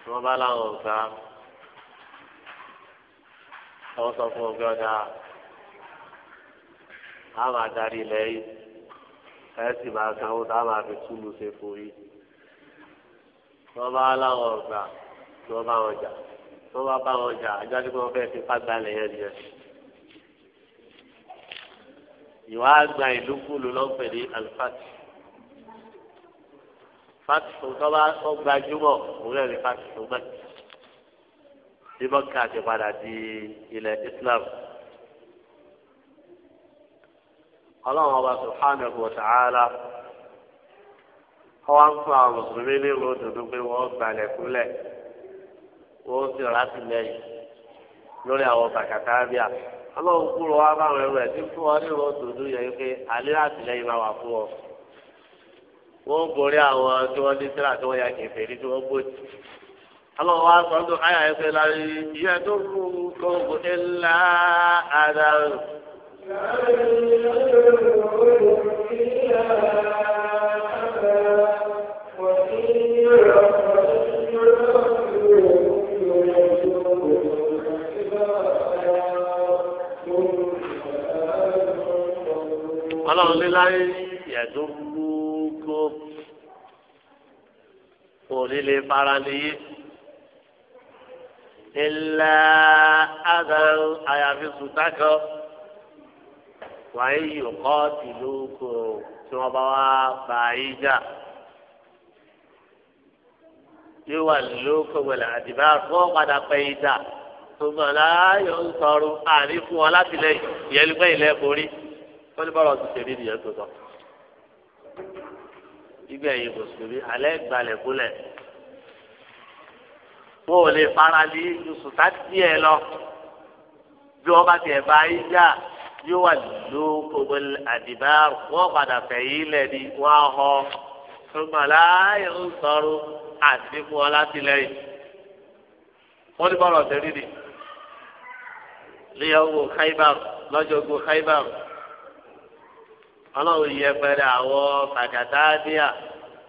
tí wọ́n bá láwọn ọ̀gá wọ́n sọ fún ọgbẹ́ ọ̀dà á máa darí ilẹ̀ yìí ẹ sì máa sanwó tá a máa fi túlù ṣe fún yìí wọ́n bá láwọn ọ̀gá kí wọ́n bá wọn jà tí wọ́n bá bá wọn jà ajá tí wọ́n fẹ́ fi fágbá lẹ̀ yẹn nìyẹn. ìwà àgbà ìlú kúlù ló ń pè ní alifati fatifu tó bá tó gbajúmọ̀ òun náà ní fatifu mẹ́tì bí mọ́kà ti padà di ilẹ̀ Islam. ọlọ́run ọba subhanahu wa ta'ala ọwọ́ fún àwọn mùsùlùmí ní ìlú òdòdó pé wọ́n gbalẹ̀ kúlẹ̀. wọ́n sì rà sílẹ̀ lẹ́yìn lórí àwọn bàkàtà bíà ọlọ́run kúrò wá báwọn ẹrù ẹ̀ tí fún ọ ní ìwọ òdòdó yẹ pé àlẹ́ àtìlẹ́yìn máa wà fún ọ. wọ́n àwọn tí wọ́n sílà tí wọ́n ya kẹfẹ́ ní tí wọ́n ọlọ́run wá sọ ọdún tó kú kóńgò àdá. Thank you. ọlọ́run ní láyé yàdúgbò kò ní lè fara níyì ilà àgàrò àyàfi sùtà kan wàá yìí kọ́ tìlú kò tí wọ́n bá wá bá yìí jà yóò wà lóko wẹ̀lẹ̀ àdìbá wọ́n padà pẹ́ yìí jà tó mọ̀ láyọ̀ ń sọ̀rọ̀ àní fún wọn láti lẹ̀ yẹlẹ́gbẹ́ ìlẹ́ borí wọ́n ní bọ́lá ọtún ṣe rí nìyẹn tó sọ. ibẹ̀ yìí mùsùlùmí alẹ́ gbalẹ̀ gúnlẹ̀ wọn ò lè fara ní sùtá díẹ̀ lọ bí wọ́n bá tiẹ̀ bá yí já yóò wà lóko àdìbá wọ́n padà fẹ̀yìn lẹ̀ ni wọ́n á họ ṣùgbọ́n ń sọ̀rọ̀ àti fún ọ látìlẹ́yìn wọ́n ní bọ́lá ọtún rí ni léyàwó Khaibar lọ́jọ́ gbó ọlọ́run yẹ pẹ̀lẹ́ àwọn kàkàtàdíà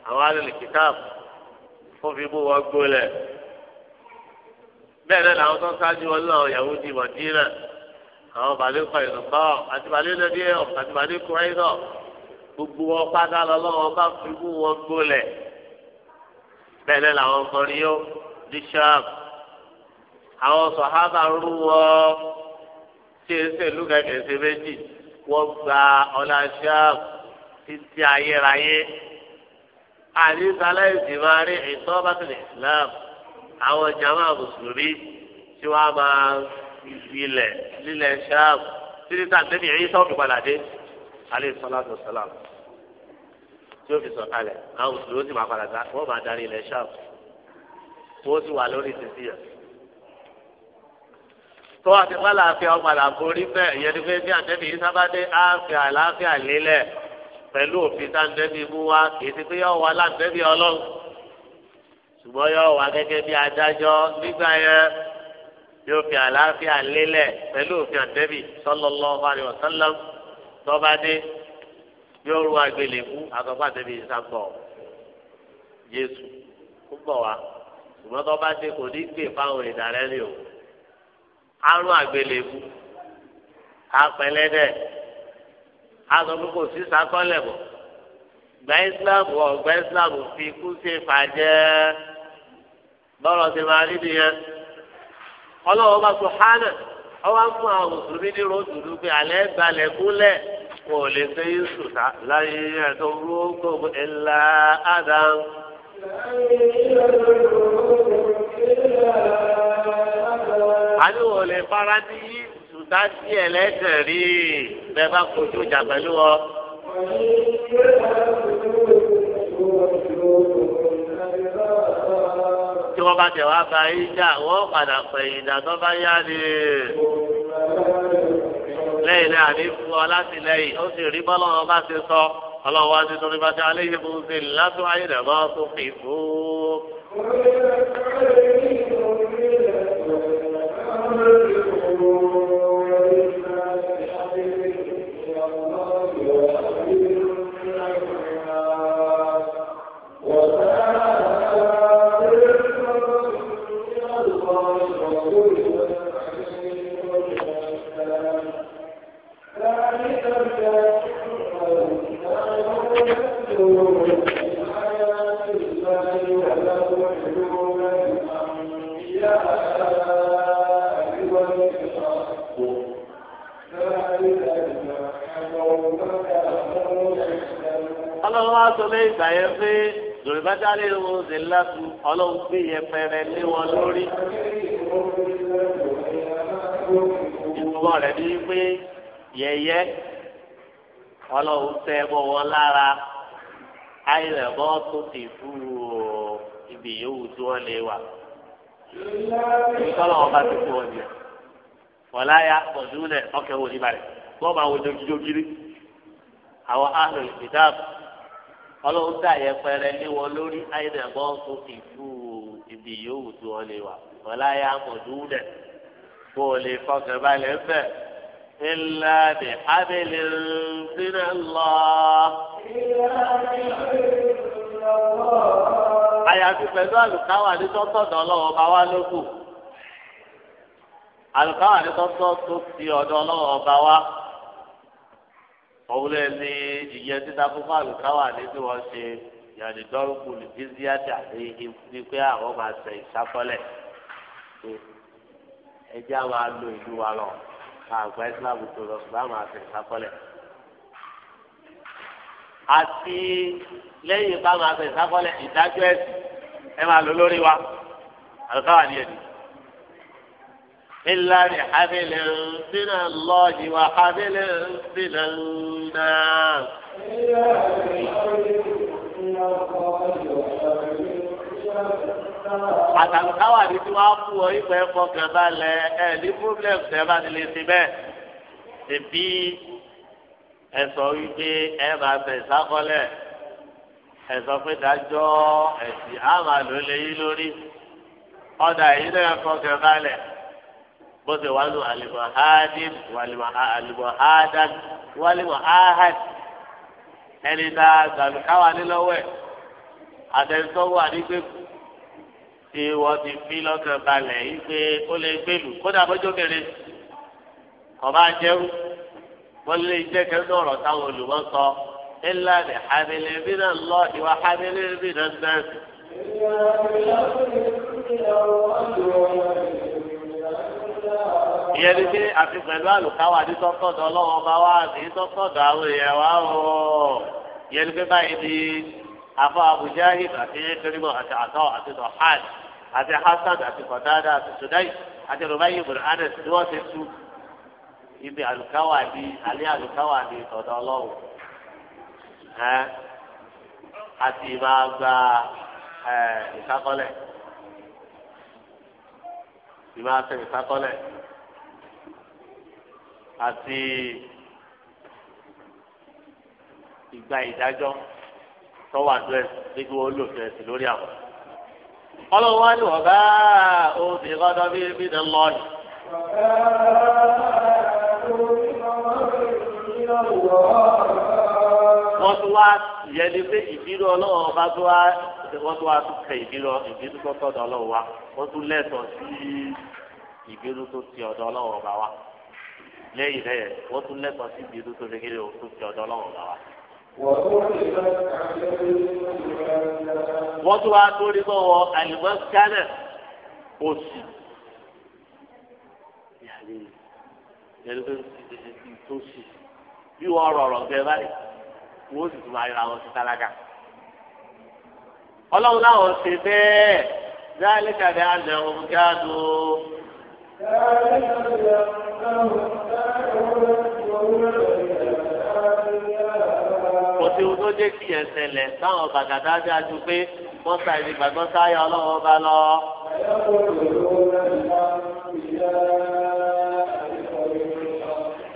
àwọn alìkìtàb fún fi bú wọn gbólẹ̀ bẹ́ẹ̀ náà làwọn tó ń sáájú wọn náà Yahudi Mọ̀dínà àwọn balẹ̀ kọ ìrùbọ̀ àti balẹ̀ lẹ́bí àti balẹ̀ kúrẹ́dọ̀ gbogbo wọn pátá lọ́lọ́wọ́ bá fi bú wọn gbólẹ̀ bẹ́ẹ̀ náà làwọn kọrin yó bishop àwọn sọ̀hábà rú wọn tí èsè lùkẹ́kẹ́ ṣe méjì wọ́n gba ọlá ṣáàb títí ayérayé àdìsálẹ̀ ìdìbò rí ìtọ́bàtìlẹ̀ islam àwọn jama mùsùlùmí tí wọ́n máa ilẹ̀ lílẹ̀ ṣáàb títí tá àtẹ́bí ẹ̀yìn sọ́ọ̀kì padà dé alẹ́ sọlá tó sọlá tí ó fi sọ kalẹ̀ àwọn mùsùlùmí ó sì máa padà dá wọ́n máa darí ilẹ̀ ṣáàb wọ́n sì wà lórí ìsinsìnyẹ̀ tó àti fàlàáfíà ọgbàdà borí bẹ́ẹ̀ ìyẹn ni pé bí àtẹ́bí yìí sábàdé àáfíà àlàáfíà lélẹ̀ pẹ̀lú òfin sáńdẹ́bí mú wa kì í ti pé yọ̀ wá láńdẹ́bí ọlọ́run ṣùgbọ́n yọ̀ wá gẹ́gẹ́ bí adájọ́ nígbà yẹn yóò fi àlàáfíà lélẹ̀ pẹ̀lú òfin àtẹ́bí sallallahu alaihi wasallam tọ́badé yóò ru àgbélébú àtọ́fà àtẹ́bí yìí sábọ̀ Jésù ó bọ̀ wá ṣùgbọ́n tọ́badé kò ní gbè fáwọn ìdàrẹ́lì òun. arún àgbélébù apẹlẹdẹ azọkú kò sí sakọlẹ bọ gba islam wọ gba islam fi ikú ṣe fàjẹ bọlọ ti máa rí nìyẹn ọlọ́wọ́ bá sọ hánà ọwọ́ fún àwọn mùsùlùmí ní ròdùdú pé alẹ́ kò lè ṣe sùtà láyé ádám. àníwò lè fara ní sùtá sí ẹlẹ́sẹ̀ rí bẹ́ẹ̀ bá kojú ìjà pẹ̀lú ọ. tí wọ́n bá tẹ̀ wá ba ìjà wọ́n padà pẹ̀yìn ìjà bá yá ni. lẹ́yìn náà ní fún ọ láti lẹ́yìn ó sì rí bọ́lá wọn bá ti sọ ọlọ́wọ́ àti torí bá ti aléyìn fún un ayé rẹ̀ bá tó fi fún good lé ìgbà yẹn pé lòlùbátálẹ̀ ló ṣe látú ọlọ́run gbé yẹpẹrẹ lé wọn lórí. ìtumọ̀ rẹ̀ ni pé yẹyẹ ọlọ́run tẹ bọ̀ wọn lára ayẹyẹ bọ́ tó ti fúru o ibi yòówù tí wọ́n lè wà. ìtọ́lọ̀ wọn bá ti fún ọ jẹ wọ́lá ya ọ̀dúnrún náà ọkẹ́ wò ní balẹ̀ wọ́n wo jogijogiri àwọn ahlul kitab ọlọ́run dá yẹpẹrẹ níwọ lórí àyẹ̀dẹ̀bọ́ fún ìfú ibi yòówù tí wọ́n lè wà wọ́n láyé amọ̀dún dẹ̀ kó o lè fọkàn balẹ̀ fẹ́ ilà bí abẹ́lẹ̀ sínú lọ. àyàfi pẹ̀lú àlùkáwà ní tọ́tọ̀dọ̀ ọlọ́wọ́ bá wá lókù àlùkáwà ní tọ́tọ̀ tó ti ọ̀dọ̀ ọlọ́wọ́ bá wá òun lè ní ìyẹn títa fún fáàlù káwà ní tí wọ́n ṣe yàrá dọ́rùkù ní bísíàtì àti ní pé àwọn máa ṣe ìṣàkọlẹ̀ ẹjẹ́ àwọn alo ìlú wa lọ àgbà ìsìlámù tó lọ ṣùgbọ́n àwọn àṣẹ ìṣàkọlẹ̀. àti lẹ́yìn bá máa ṣe ìṣàkọlẹ̀ ìdájọ́ ẹ máa lò lórí wa àlùkáwà ni ẹ̀dùn. إلا بحبل من الله وحبل من الناس àtàlùkáwà ni tí wàá fún ọ ìgbà ẹ̀fọ́ kẹba lẹ ẹ ní problem tẹ bá ti lè ti bẹ́ẹ̀ tẹ̀bí ẹ sọ wípé ẹ máa bẹ̀ sákọ́lẹ̀ ẹ sọ pé dájọ́ ẹ̀sìn á máa lò lórí ọ̀dà yìí náà ẹ̀fọ́ kẹba lẹ̀ bó ṣe wà nù alimahadin walimahadan walimahad ẹni tá a gbàgbé káwa nílọ́wọ́ ẹ̀ àtẹnusọ́wọ́ àdígbèkú tí wọ́n ti fi lọ́kàn balẹ̀ yìí pé ó lè gbèlú kódà bójú kéré ọba jẹ́rú wọ́n lè jẹ́ kẹ́ńtọ́ ọ̀rọ̀ táwọn olùmọ̀ sọ ńlá ní hamilẹ̀ bínú lọ ìwà hamilẹ̀ bínú náà ìyẹn ni pé àti pẹ̀lú àlùkáwà ní tọ́tọ̀dọ̀ ọlọ́run ọba wa ní tọ́tọ̀dọ̀ àwọn èèyàn wa o ìyẹn ni pé báyìí ni afọ abujahid àti kẹrìmọ àti àtọ àti sọhad àti hasan àti kọdáadá àti sudai àti rubayi ibùdó anes ni wọn ti tu ibi àlùkáwà ní alẹ́ àlùkáwà ní tọ̀dọ̀ ọlọ́run àti máa gba ìkákọ́lẹ̀ ìmáa ṣe ìkákọ́lẹ̀ àti ìgbà ìdájọ́ tọ́wọ́ àdó ẹ̀sìn nígbà wo lò fẹ́ sí lórí àwọn. ọlọ́run wá ní ọ̀gá òbí gbọ́dọ̀ bí bí ní lọ́ọ̀nì. wọ́n tún wá yẹ ni pé ìbínú ọlọ́run ọba tó wá wọ́n tún wá tún kẹ ìbínú ìbínú tó tọ̀dọ̀ ọlọ́run wa wọ́n tún lẹ́tọ̀ọ́ sí ìbínú tó ti ọ̀dọ̀ ọlọ́run ọba wa lẹ́yìn lẹ́yìn wọ́n tún lẹ́kọ̀ọ́ sí ibi tó tóbi kéde òkú ti ọ̀dọ́ ọlọ́run bá wa. wọ́n tún wá lórí bọ́ wọ àlùbọ́sánà òsì. yẹ́nì pé tó sì bí wọ́n rọrọ̀ bẹ́ẹ̀ báyìí wọ́n sì tún máa yọra wọn sí tálákà. ọlọ́run náà ṣe bẹ́ẹ̀ dáálé kàdé àná òun gáàdùn kò sí ohun tó jẹ́ kí yẹn ṣẹlẹ̀ táwọn bàgàdá dájú pé wọ́n sa ìdìgbàgbọ́ sáyà ọlọ́run ọba lọ.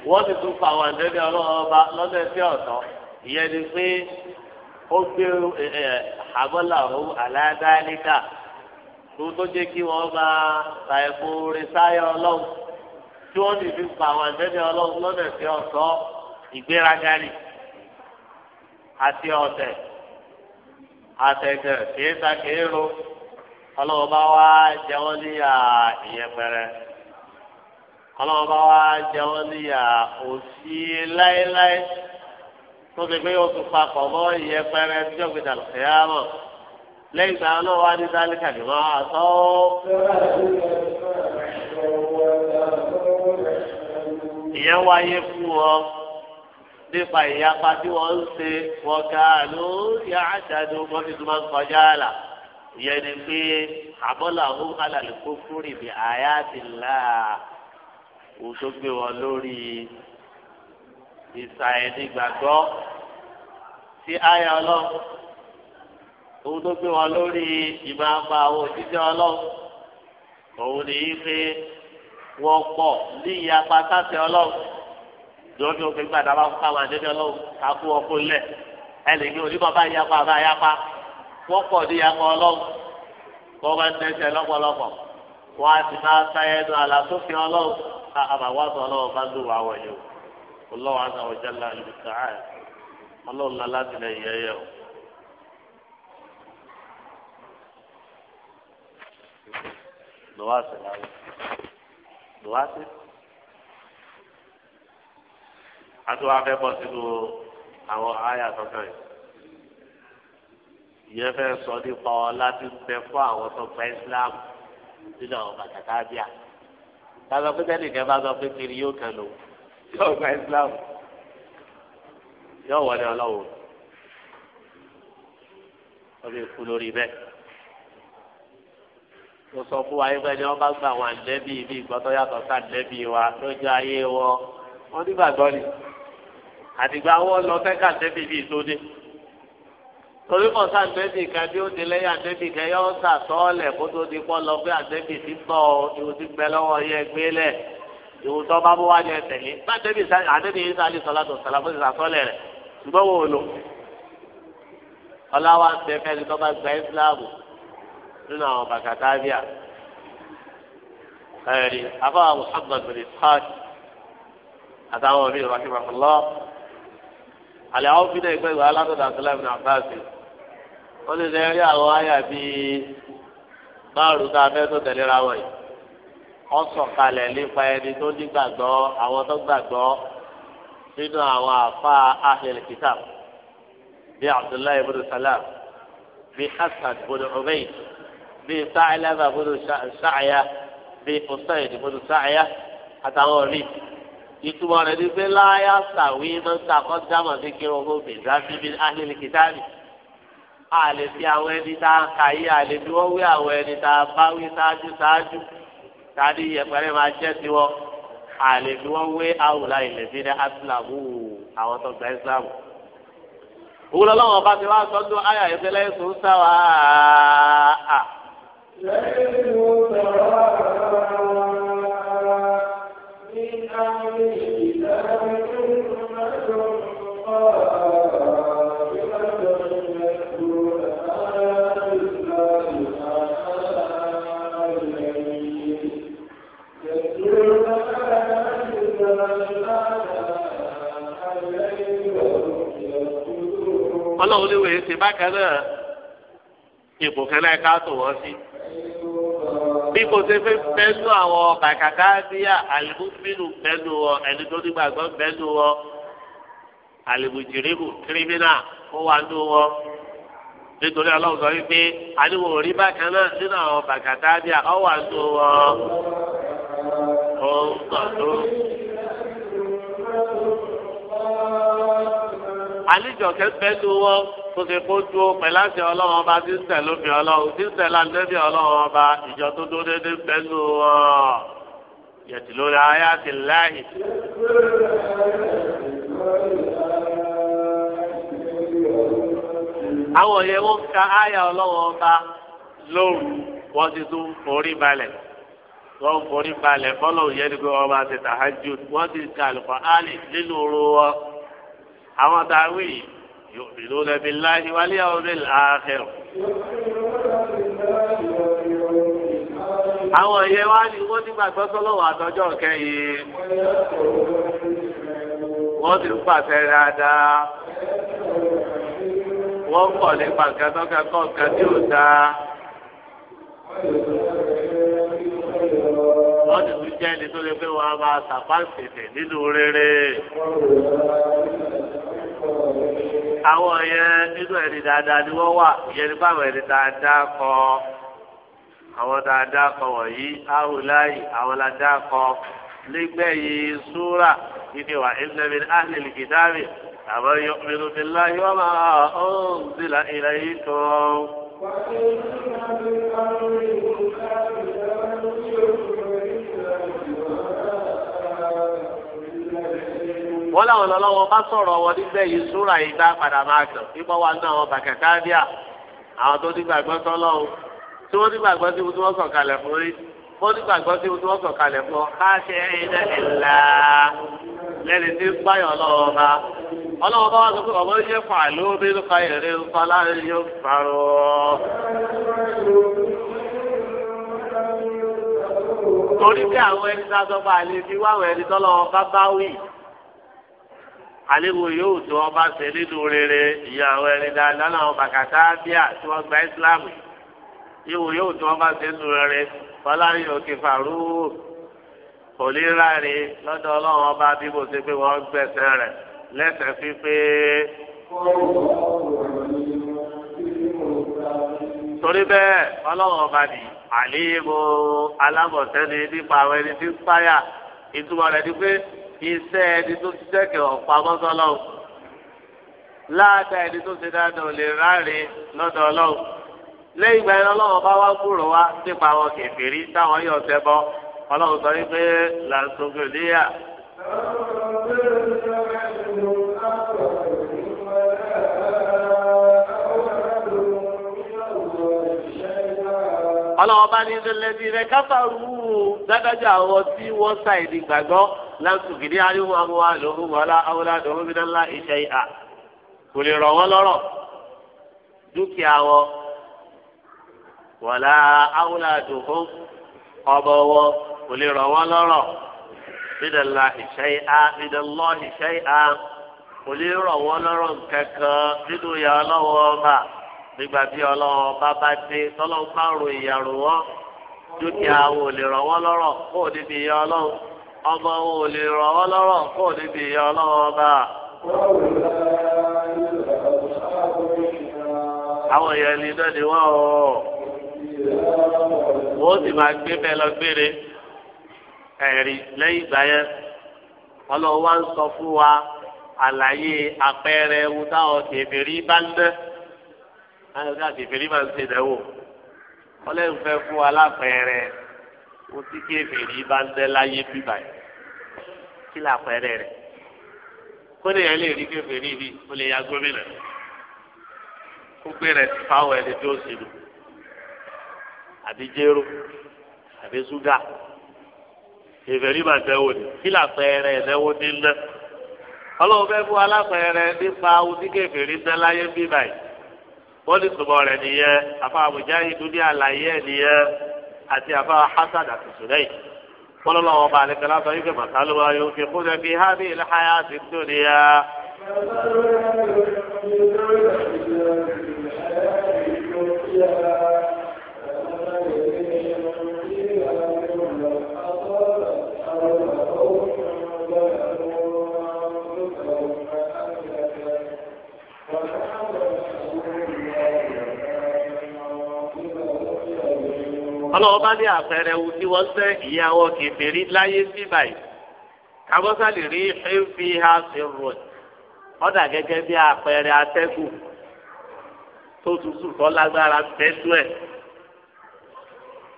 wọ́n ti tún fa àwọn àǹdẹ́bí ọlọ́run ọba lọ́dọ̀ ẹ̀sìn ọ̀tọ̀ ìyẹn ni pé ó gbé àbọ̀là òun àládálíkà tó tó jẹ́ kí wọ́n máa ta ẹ̀kú rìsáyà tí wọ́n sì fi pa àwọn àtẹ́tẹ́ ọlọ́run lọ́nà sí ọ̀sọ́ ìgbéraga ni àti ọ̀tẹ̀ àtẹ̀gẹ̀ kìí ta kìí ro ọlọ́run bá wá jẹ wọ́n níyà ìyẹpẹrẹ bá wá jẹ wọ́n òsì láéláé tó ti pé oṣù papọ̀ mọ́ ìyẹpẹrẹ tí gbé dàlùkẹ́ yá mọ̀ lẹ́yìn ìgbà ọlọ́wọ́ adé sálíkà ni wọ́n á sọ ọ́. ìyẹn wáyé fún ọ nípa ìyapa tí wọ́n ń ṣe wọ́n ká ló yà á ṣàdó wọ́n ti tún máa ń kọjá àlà ìyẹn ni pé àbọ́là ó kálàlẹ̀ kó fúrì bí àyà ti là ó tó gbé wọn lórí ìsàyẹ̀ nígbàgbọ́ sí àyà ọlọ́run òun tó gbé wọn lórí ìmọ̀ apá àwọn òṣìṣẹ́ ọlọ́run òun ní í pé wọ́n pọ̀ ní ìyá pátásẹ̀ ọlọ́run lọ́dún òfin gbàdá bá fún káwọn àdébẹ́ ọlọ́run ká fún ọkọ lẹ̀ ẹ lè ní onímọ̀ bá yapa bá yapa wọ́n pọ̀ ní ìyapa ọlọ́run kọ́ máa ń dẹ́sẹ̀ lọ́pọ̀lọpọ̀ wọ́n á sì máa sáyé ẹnu àlàsófin ọlọ́run ká àbàwọ́sọ ọlọ́run bá lò wá wọ̀nyí o ọlọ́run àti àwọn ìjàlá ìlú ọlọ́run lálátìlẹ́yìn lọ́wọ́sẹ̀ láyé lọ́wọ́sẹ̀. a tún wá fẹ́ bọ́ sínú àwọn àyà kankan yìí ìyẹn fẹ́ sọ nípa ọlá tí ń bẹ fún àwọn tó gba Islam nínú àwọn bàtàkà bíà lọ́sọ pé tẹ́nìkẹ́ bá sọ pé kiri yóò kàn lò yóò gba Islam yóò wọlé ọlọ́wọ́ ó lè kú lórí bẹ́ẹ̀ tó sọ fún wa ẹgbẹ́ ni wọ́n bá gba àwọn àdẹ́bí ibi ìgbọ́tọ́ yàtọ̀ sí àdẹ́bí wa lọ́jọ́ ayé wọn wọ́n nígbàgbọ́ ni àtìgbà wọn lọ sẹ́ka àdẹ́bí ibi ìtòdé torí kọ́ sá àdẹ́bí kan bí ó di lẹ́yìn àdẹ́bí kan yọ sàtọ́ọ̀lẹ̀ kó tó di pọ́ lọ pé àdẹ́bí ti tọ̀ ìwò ti gbẹ lọ́wọ́ yẹ gbélẹ̀ ìwò tó bá bó wá yẹ tẹ̀lé àdẹ́bí yìí sá ọlá wa ń bẹ fẹ́ni tó bá gba ìsìláàmù nínú àwọn bàkàtà bíà ẹ̀rí afáwà muhammad bin ishaq àtàwọn ọ̀rẹ́ rahimahullah àlẹ́ àwọn fi náà ẹgbẹ́ ìwà alátọ̀dọ̀ àtúláì bin abbas wọ́n lè lẹ́rí àwọn àyà bíi márùn-ún tá a fẹ́ tó tẹ̀lé ra wọ̀nyí wọ́n sọ̀kalẹ̀ nípa ẹni tó nígbàgbọ́ àwọn tó gbàgbọ́ nínú àwọn àfa ahlil kitab bíi abdullahi ibn salam bíi hasan ibn ubayd bíi sáàlẹ́bà bọ́dù sáàyà bíi ọ̀sáyìn bọ́dù sáàyà àtàwọn rí ìtumọ̀ rẹ̀ ni pé láyà sàwí máa ń sàkọ́ dámọ̀ sí kí wọ́n kó bèèrè bíbí áhìlì kìtàbí àlè fi àwọn ẹni tá a kà yí àlè fi wọ́n wí àwọn ẹni tá a bá wí ṣáájú ṣáájú tàbí ìyẹ̀pẹ̀rẹ̀ máa jẹ́ tiwọn àlè fi wọ́n wé àwòlá ilẹ̀ sí ní asilamu àwọn tó gba islam òwúrọ̀ bá ti wá sọ́dún ayà ìpínlẹ̀ èso ọlọ́run ní wòye ṣe bákan náà ipò kẹlẹ́ ká tó wọ́n sí bí kò ṣe fẹ́ bẹ́nu àwọn kàkàkà bíyà àlùmínú bẹ́nu wọ ẹni tó nígbàgbọ́ bẹ́nu wọ àlùmùjìrìmù kírímínà ó wà nù wọ nítorí aláwọ̀ sọ wípé àníwò rí bákan náà nínú àwọn kàkàkà bíyà ó wà nù wọ ó ń tọ̀ tó. àlejò kẹ́ bẹ́nu wọ tó ti kó dúró pẹ̀lú àṣẹ ọlọ́run ọba tí ń tẹ̀ lófin ọlọ́run tí ń tẹ̀ láńdẹ́bí ọlọ́run ọba ìjọ tó dúró dédé pẹ̀lú ọ yẹtì lórí ayé àti láàyè. àwọn yẹn wọ́n ka àyà ọlọ́run ọba lóru wọ́n ti tún forí balẹ̀ wọ́n forí balẹ̀ fọlọ́ yẹn ni pé wọ́n ti tàhájú wọ́n ti ka àlùkò nínú oru wọn àwọn táwí yìí. يؤمنون بالله واليوم الآخر àwọn ìyẹn wá ní wọ́n ti gbàgbọ́ sọ́lọ́wọ́ àtọ́jọ́ kẹ́yìn wọ́n ti ń pàṣẹ dáadáa wọ́n pọ̀ nípa nǹkan tó ká kọ́ nǹkan tí ò dáa wọ́n ti tún jẹ́ ẹni tó lè pé wọ́n á máa ṣàpáǹsì nínú rere àwọn yẹn nínú ẹni dáadáa ni wọ́n wà ìyẹn ní báwọn ẹni dáadáa kọ àwọn dáadáa kọ wọ̀nyí ahùláyì àwọn dáadáa kọ nígbẹ̀yìn súrà ìdí wa ìlẹ̀mí ahlil kìtàbí àmọ́ yu'minu billahi wa ma unzila ilaykum. wàá ṣe ìdílé àti àwọn ìlú káàkiri wọ́n láwọn ọlọ́wọ́ bá sọ̀rọ̀ wọn níbẹ̀ yìí súra yìí bá padà máa kàn nígbà wà ní àwọn bàkàtà díà àwọn tó nígbàgbọ́ sọ́lọ́hún tí wọ́n nígbàgbọ́ sí ibi tí wọ́n sọ̀ kalẹ̀ fún rí wọ́n nígbàgbọ́ sí ibi tí wọ́n sọ̀ kalẹ̀ fún ọ káṣẹ́ iná ìlà lẹ́ni tí ń báyọ̀ ọlọ́wọ́ bá ọlọ́wọ́ bá wà sọ pé ọmọ yẹn fà lóbi nípa èrè ńpa láàrin yóò parọ́. torí pé àwọn ẹni tá a sọ fún àlejò wáwọn ẹni tọ́lọ́wọ́ bá bá wì àléwò yóò tó ọba ṣe nínú rere ìyàwó ẹni dáadáa náà bàkàtà bíà tí wọ́n gba ìsìláàmù ìwò yóò tó ọba ṣe nínú rere fọlárí òkè fàrú kò ní ráre lọ́dọ̀ ọlọ́run ọba bí mo ṣe pé wọ́n gbẹ̀sẹ̀ rẹ̀ lẹ́sẹ̀ fífẹ́. torí bẹ́ẹ̀ ọlọ́run ọba ní àléébó alábọ̀sẹ́ni nípa àwọn ẹni tí ń páyà ìtumọ̀ rẹ̀ ni pé iṣẹ́ ẹni tó ti tẹ́kẹ̀ ọ̀pá mọ́sọ́lọ́wọ́ láàdá ẹni tó ti dáadáa ò lè ráre lọ́dọ̀ ọlọ́wọ́ lẹ́yìn ìgbà yẹn ọlọ́wọ́ bá wá gbúrò wá nípa àwọn kẹfìrí táwọn yóò tẹ́ bọ́ ọlọ́wọ́ sọ wípé làǹtọ̀gẹ̀lẹ́yà. ọlọ́wọ́ bá ní ilé lẹ́bí rẹ̀ káfà rú dáadáa àwọn tí wọ́n ṣàìdí gbàgbọ́ lásùkìdí ariwo amúwa lòhùn mọ́lá awúlá lòhùn bíi ńlá iṣẹ́ ìhà kò lè rọ̀ wọ́n lọ́rọ̀ dúkìá wọn wọ̀lá awúlá lòhùn ọmọ wọn kò lè rọ̀ wọ́n lọ́rọ̀ bíi ńlá iṣẹ́ ìhà bíi ńlá iṣẹ́ ìhà kò lè rọ̀ wọ́n lọ́rọ̀ kankan nínú ìyá ọlọ́wọ́ ọba nígbà tí ọlọ́wọ́ bá bá dé tọ́lọ́ bá ro ìyàrá wọn dúkìá wọn ò lè rọ̀ wọ́n lọ́rọ̀ kó o níbi ìyá ọlọ́wọ́ ọmọ òun ò lè ràn wọ́n lọ́rọ̀ kó níbi ìyá ọlọ́wọ́ ọba. àwọn èèyàn ní iná ni wọ́n ọ̀ wọ́n sì máa gbé bẹ́ẹ̀ lọ gbére ẹ̀rí lẹ́yìn ìgbà yẹn ọlọ́wọ́ wa ń sọ fún wa àlàyé àpẹẹrẹ ewu táwọn kèfèrí bá ń dẹ́ láyọ̀ kèfèrí máa ń ṣe ìdánwò ọlẹ́yìn fẹ́ fún wa lápẹẹrẹ o ti ké fèrè bá ń dẹ́ láyé bíbá yìí kí là pẹ́rẹ́ rẹ̀ kó lè yẹn lè rí ké fèrè bí o lè ya gómìnà kó gbé rẹ̀ fáwọn ẹni tó sì lù àbí jéró àbí ṣúgà ìfẹ̀rí máa dẹ́wò ni kí là pẹ́rẹ́ ẹ̀dẹ́wò ní ná ọlọ́run fẹ́ fún alápẹ̀rẹ̀ nípa oníkèfèrè ná láyé bíbá yìí wọ́n ní sùmọ̀ rẹ̀ nìyẹn àfa àbújá yìí dúdú àlàyé ẹ̀ nìyẹn àti àbá hasad àti sùlẹyìn wọn lọ wọn bá alẹkẹlá sọ wípé màsálùwà yóò fi kó lẹbi hábì ìlàhàyà àti dúnìyà. Yeah. ọlọ́wọ́ bá ní àpẹẹrẹ wo tí wọ́n sẹ́ ìyàwó kẹfẹ́rí láyé sí báyìí kábọ́sálì rí ẹ̀fí ha sí rò ọ̀dà gẹ́gẹ́ bí àpẹẹrẹ atẹ́gùn tó tutù tó lágbára pẹ̀lú ẹ̀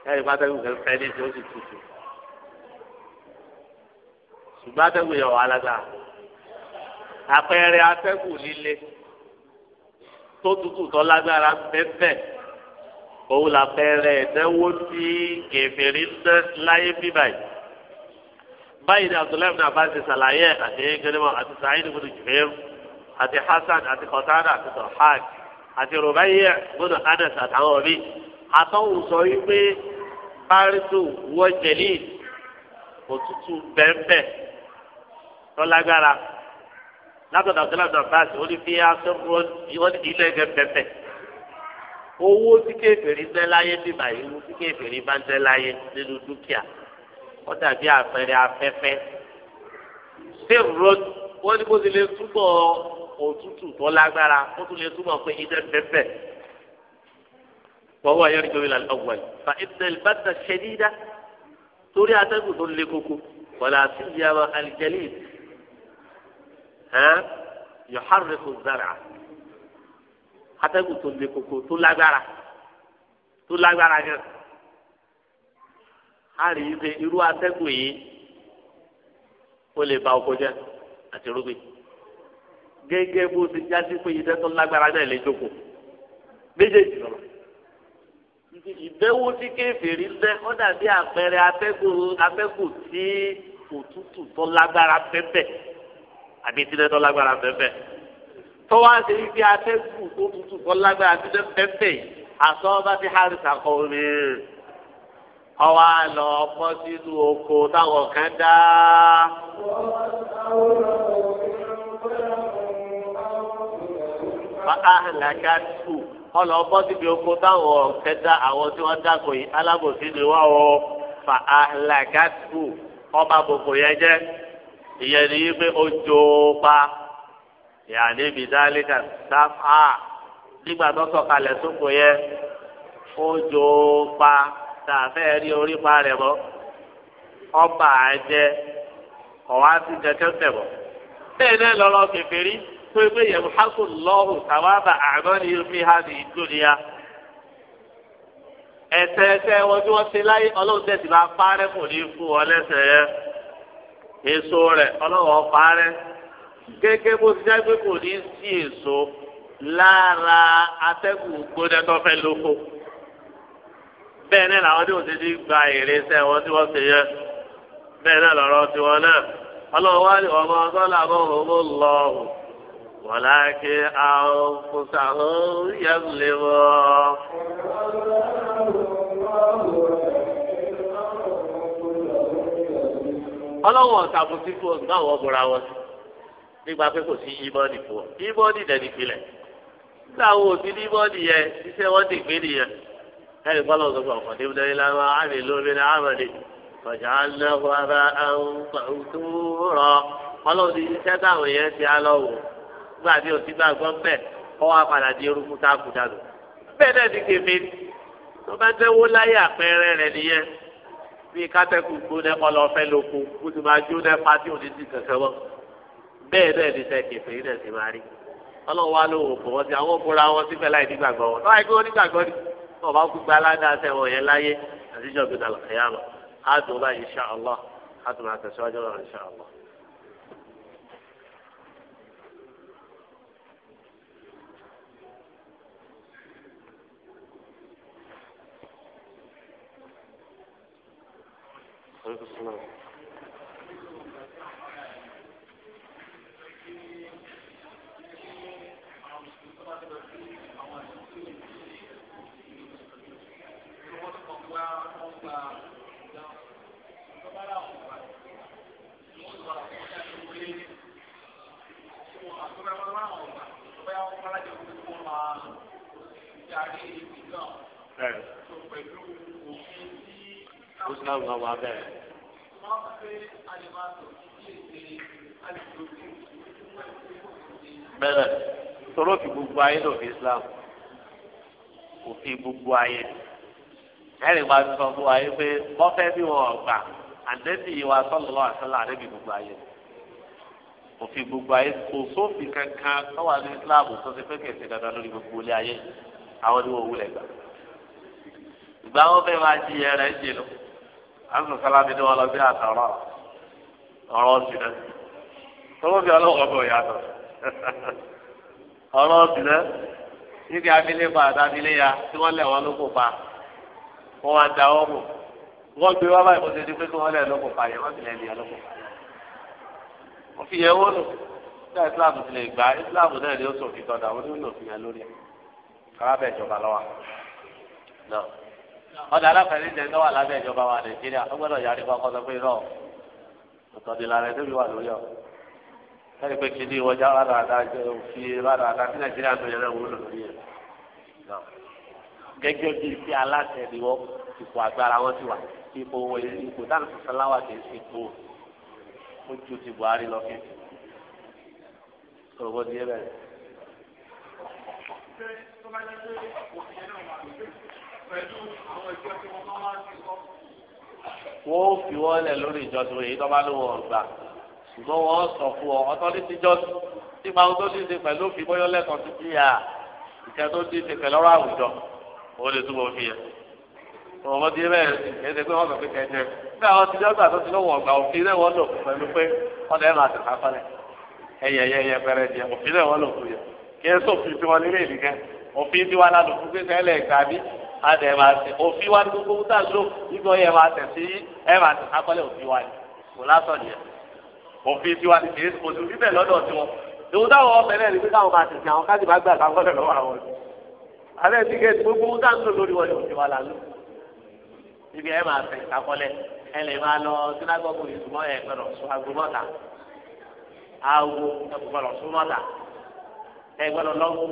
ẹ̀rí pátẹ́gùn kẹ́ fẹ́ ní tí ó tutù ṣùgbọ́n atẹ́gùn yẹ̀ wà lágbára àpẹẹrẹ atẹ́gùn líle tó tutù tó lágbára pẹ̀lú ẹ̀ òun là fẹ́rẹ̀ ẹ̀dẹ́wó tí kẹfìrí ń ná láyé bí báyìí. báyìí ni abdullahi bin abbas ti ṣàlàyé àti gẹ́gẹ́mọ̀ àti sa'id bin jubair àti hasan àti kọ́tàdà àti sọ̀hák àti rubayya bin anas àtàwọn òbí. àtọ́wò sọ wípé bárítù wọ́n jẹ̀lí òtútù bẹ́ẹ̀bẹ́ẹ̀ tọ́lágbára látọ̀dọ̀ abdullahi bin abbas ó ní fi aṣọ wọn ilẹ̀ gẹ́gẹ́ bẹ́ẹ̀bẹ́ẹ̀ owó tí kéferì ń tẹ́ láyé bí báyìí owó tí kéferì bá ń tẹ́ láyé nínú dúkìá ó dàbí àpẹẹrẹ afẹ́fẹ́ sèrò wọ́n ní kó ti lè túbọ̀ òtútù tó lágbára kó tún lè túbọ̀ pé iná pẹ́pẹ́ wọ́n wà yọrí lórí làlẹ́ yìí fa ìtẹ̀lẹ̀ bá ta ṣẹ́ ní dá torí atẹ́gùn tó le koko wọ́lá sí ìyàwó alìjẹ́lì yọ̀hárẹ̀kù zara atẹ́gùn tó le koko tó lágbára tó lágbára gan a rí i pé irú atẹ́gùn yìí ó lè ba oko jẹ́ àti rúgbìn gẹ́gẹ́ bó ti já sí pé ìdẹ́ tó lágbára náà lè jókòó méjèèjì lọ́la ìbẹ́wò tí kéferì ń bẹ́ ó dàbí àpẹẹrẹ atẹ́gùn atẹ́gùn tí òtútù tó lágbára pẹ́pẹ́ àbí tí ìdẹ́ tó lágbára pẹ́pẹ́ tó wá ṣe ibi atẹ́gùn tó tutù kọ́ lágbára tó dé pẹ́pẹ́ yìí àtọ́ bá ti hárìsà kọ́ omi ọwọ́ àlọ́ ọpọ́ sínú oko táwọn kan dá. Fáàlàkà tù ọlọ́pọ́ síbi oko táwọn kan dá àwọn tí wọ́n dákò yìí alábòsí ni wọ́n wọ fáàlàkà tù ọba bòkò yẹn jẹ́ ìyẹn ní pé ó jó pa. yàní bìdálíkà sáfà nígbà tó sọ̀kalẹ̀ sóko yẹ ó pa tàfẹ́ rí orí pa rẹ̀ mọ́ ọba àjẹ ọ̀wá sí kẹ̀kẹ́ tẹ̀ mọ́ bẹ́ẹ̀ náà tó ẹgbẹ́ yẹn muhaku tàwábà ní wọn bí láyé ọlọ́run tẹ̀sí bá parẹ́ kò ní fún ọ gẹ́gẹ́ bó ti dágbé kò ní sí èso lára atẹ́gùn gbóná tó fẹ́ lóko bẹ́ẹ̀ náà làwọn tí wọ́n ti di gba wọn tí wọ́n ti yẹ bẹ́ẹ̀ náà lọ́rọ́ tiwọn náà ọlọ́run wá ní ọmọ sọ́là lọ wọ́n àwọn lè wọ́. ọlọ́run fún sí. nípa pé kò sí ìmọ̀ọ́nì fún ọ ìmọ̀ọ́nì dẹ̀ni pilẹ̀ nígbà wo sí ní ìmọ̀ọ́nì yẹn iṣẹ́ wọn ti gbé nìyẹn ẹnì kan lọ́wọ́ sọ́kọ̀ ọ̀kan níbi dẹ́rẹ́ lára àmì lórí ní àmàlẹ́ ọ̀jà aláwọ̀ ara àwọn tó rọ ọlọ́run ní iṣẹ́ táwọn yẹn ti á lọ́wọ́ nígbà tí o ti gbàgbọ́ bẹ́ẹ̀ kọ́ wa padà di eruku tá a kú dànù bẹ́ẹ̀ náà ti kéfé tó bá tẹ́wó láyé àpẹẹrẹ rẹ̀ nìyẹn bí kátẹ́kù gbóná kọ́ lọ lóko kó tó máa jóná pa tí ò bẹ́ẹ̀ bẹ́ẹ̀ ní sẹ́ kẹfẹ́ yìí náà ti máa rí ọlọ́run wa ló wò fún wọn sí àwọn òbúra wọn síbẹ̀ láì nígbàgbọ́ wọn láì pé wọn nígbàgbọ́ ni wọn bá kú gba Allah tẹ̀síwájú Allah. musa ló wà bẹ́ẹ̀. bẹ́ẹ̀ tọ́lọ́ fi gbogbo ayé lòfin islam òfin gbogbo ayé ẹ̀rì wa sọ fún wa yìí pé wọ́n fẹ́ bí wọn gbà àdébì wa sọ́lọ́lọ́ àṣálà àdébì gbogbo ayé òfin gbogbo ayé kò sófin kankan tọ́wà ní islam tó ti pé kèsì dandan lórí gbogbo ilé ayé àwọn ni wọ́n wúlẹ̀ gbà ìgbà wọn máa jí ẹrẹ ń àwọn sọlámi ni wọn lọ bí àtàrà ọ̀rọ̀ sílẹ̀ tọwọ bí ọlọwọ bọ yàtọ̀ ọ̀rọ̀ sílẹ̀ níbi abilékọ àti abiléya tí wọn lẹ wọn ló kó pa wọn wá da wọn bò wọn gbé wọn báyìí kó tètè pé kí wọn lẹ ló kó pa yẹn wọn sì lẹ ní ọlọpọ wọn fi yẹn wọn lò ní islam ti lè gbà islam náà ni ó sọ fi tọ́da wọn ló ń lò fi yẹn lórí ẹ kára bẹ̀ jọba lọ́wọ́ náà ọ̀dà aláfẹ̀rí jẹ náà wà lábẹ́ ìjọba wa nàìjíríà ó gbọ́dọ̀ yàrá ìfọ̀ ọkọ̀ sọ pé rọ̀ ọ̀tọ̀dìlà rẹ̀ tóbi wà lórí ọ̀ sẹ́ni pé kìíní ìwọjà rárá àdájọ́ fi rárá àdá sí nàìjíríà tó yẹrẹ wò lórí ẹ̀ gẹ́gẹ́ bíi ti aláṣẹ ni wọ́n ipò agbára wọn ti wà ipò ipò táwọn sọ̀tàn láwà kì í sí ipò ó ti Buhari lọ kí ọ̀rọ̀ di ẹ wọ́n fi wọ́n lẹ̀ lórí ìjọsìn èyí tó bá lówó ọ̀gbà ṣùgbọ́n wọ́n sọ fún ọ ọtọ́ ní tíjọ́sìn tí màá tó ti ṣe pẹ̀lú òfin bóyá lẹ́kọ̀ọ́ ti di à ìkẹ́ tó ti ṣe pẹ̀lú ọ̀rọ̀ àwùjọ òun lè túbọ̀ fi yẹ. ọmọ ti bẹ́ẹ̀ ẹ ṣe pé wọ́n sọ pé kẹjẹ bí àwọn tíjọ́ gbà tó ti lówó ọ̀gbà òfin náà pẹrẹ jẹ òfin náà wọ́n lò fún yẹ kí ẹ sọ òfin tiwọn nílé ìdíkẹ́ òfin tiwọn lálùkù pé sẹ́lẹ̀ ìgbà bíi adẹ máa tẹ òfin wa gbogbo wúta ló ibi ọyẹ máa tẹ sí ẹ máa tẹ sákọlẹ òfin wa ni kò lásán yẹ òfin tiwa ni kìí kò tún bíbẹ lọ́dọ̀ tiwọn ìwọ táwọn ọbẹ náà ní pé káwọn máa tẹsí àwọn káàdì bá gbà sákọlẹ lọ́wọ́ àwọn ni alẹ ti kẹ gbogbo wúta ló lórí wọn ni òfin wa là ló ibi ẹ máa tẹ sákọlẹ ẹ lè máa lọ sínágọgù ìsúmọ ẹ gbẹrọ sún agbọmọta awo ẹ gbẹrọ sún mọta ẹ gbẹrọ lọgùn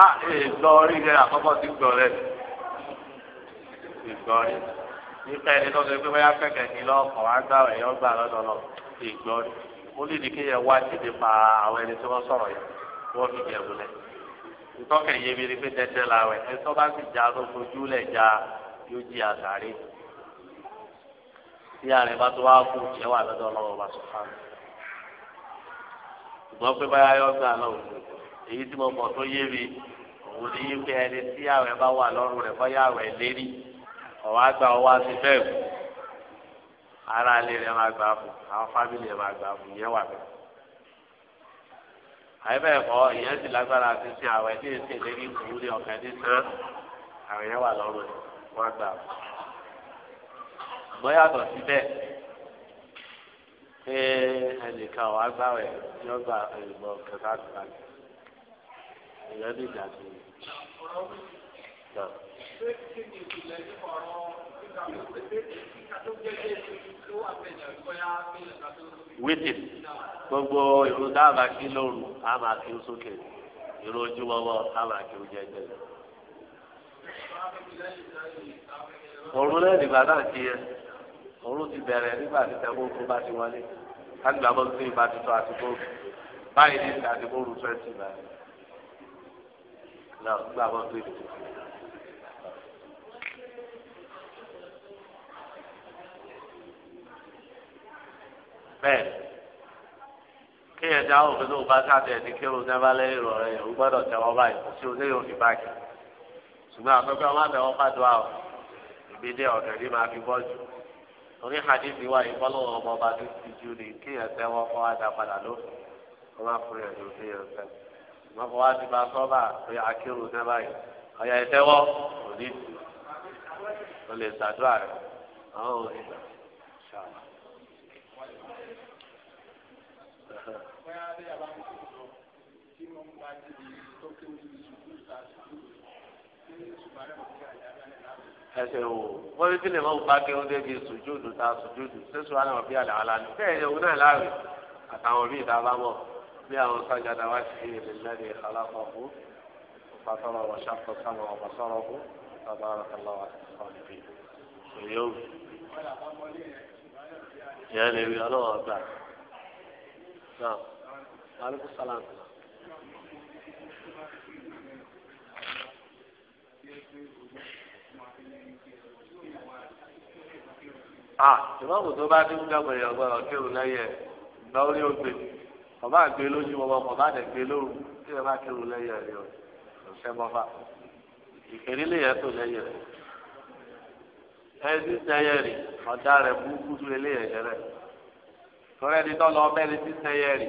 a ìgbọ́ orí àkọ́kọ́ ti gbọ́ rẹ ìgbọ́ rí ẹni lọ́sọ pé wọ́n yá kẹ̀kẹ́ ní lọ́kọ̀ wá gbà wẹ̀ gbà lọ́dọ̀ lọ ìgbọ́ ó lè ní kéèyàn wá ti pa àwọn ẹni tí wọ́n sọ̀rọ̀ yẹn wọ́n fi jẹ̀bù lẹ̀ ìtọ́kẹ̀ yé mi ni pé dẹ́dẹ́ la wẹ̀ ẹ̀ tọ́ bá sì já lójú lẹ̀ já yóò jí àtàrí tí àrẹ bá tó wá kú tiẹ̀ wà lọ́dọ̀ ọlọ́wọ́ bá sọ fáwọn. ṣùgbọ́n pé báyà yọ gbà náà òkú èyí tí mo mọ̀ tó yé mi òun ní yí pé ẹni tí àrẹ bá wà lọ́rùn rẹ̀ bọ́yá àrẹ lérí ọ̀wá gba ọwá sí bẹ́ẹ̀ kú ara ilé rẹ̀ máa gbà fún àwọn fámìlì rẹ̀ máa gbà fún ìyẹn wà bẹ́ẹ̀. àyẹ̀bẹ̀ kọ́ ìyẹn sì lágbára àti sin àwẹ̀ ní èsì ìlérí àmọ́ yàtọ̀ síbẹ̀ pé ẹnìkan ọ̀ agbáwẹ̀ ní ọgbà ìmọ̀ kẹta kan ìyẹn ní ìjà sí i. wítìn gbogbo ìlú dáàbà kí lóru a máa kí sókè ìlú ojúmọ́mọ́ a máa ìgbà náà òun ti bẹ̀rẹ̀ nígbà tí tẹ́gbọ́n bá ti wọlé kájú àbọ̀ sí ìbá ti tọ́ àti bóòlù báyìí ní ìta àti bóòlù twenty báyìí náà gbà bọ́ sí ìdìbò. bẹ́ẹ̀ kéèyàn dá òfin tó bá sáté ẹni kéwòn sẹ́fà lẹ́yìn ìrọ̀rẹ́ yẹn ó gbọ́dọ̀ tẹ̀wọ́ báyìí kò sí oṣù yóò fi ṣùgbọ́n àpẹẹrẹ ọmọ àtẹwọ́ pàdó àwọn ìbílẹ̀ ọ̀tẹ̀ ní máa fi bọ́ jù torí hadithi wa ìfọlọ́wọ́ ọmọ ọba tó ti ju ni kí ẹsẹ̀ wọn fọ́ wá dá padà lófin wọn bá fún yẹn lórí ẹsẹ̀ wọn fọ́ wá ti máa sọ́ bá pé akérò náà báyìí ọ̀yà ẹsẹ̀ wọ́ kò ní tu o lè ṣàdúrà rẹ̀ àwọn ò ní gbà ṣàlà. Tí ẹsẹ̀ wò wọ́n fi fílẹ̀ mọ́ bá kí wọ́n débi sùjúdù ta sùjúdù sẹ́sù wà náà bí àlẹ́ àlá ni bẹ́ẹ̀ ni òun náà láàrin àtàwọn míì tá bá mọ̀ bí àwọn sọ́jà náà wá sí ilé lẹ́ni aláfọ̀ fún fatọ́rọ̀ wọ̀ ṣàtọ̀ sáwọn ọmọ sọ̀rọ̀ fún bàbá àràkàlà wà sọ̀rọ̀ bí ṣòyó. ìyá lè rí ọlọ́wọ́ gbà náà alukó sálàmù. Thank you. ìmọ̀mù tó bá dé ń gbàgbọ́ yẹn ọgbà ọ̀kẹ́rù lẹ́yẹ lọ́wọ́ ní ògbè ọba àgbè lójú ọba ọba àdẹ̀gbè lóru tí ẹ bá kẹ́rù lẹ́yẹ rẹ o ṣẹ́ mọ́fà ìkéré lè yẹ tó lẹ́yẹ rẹ ẹni sẹ́yẹ rẹ ọ̀dà rẹ burúkú tó lẹ́yẹ rẹ tọ́lá ẹni tó lọ ọbẹ̀ ẹni sẹ́yẹ rẹ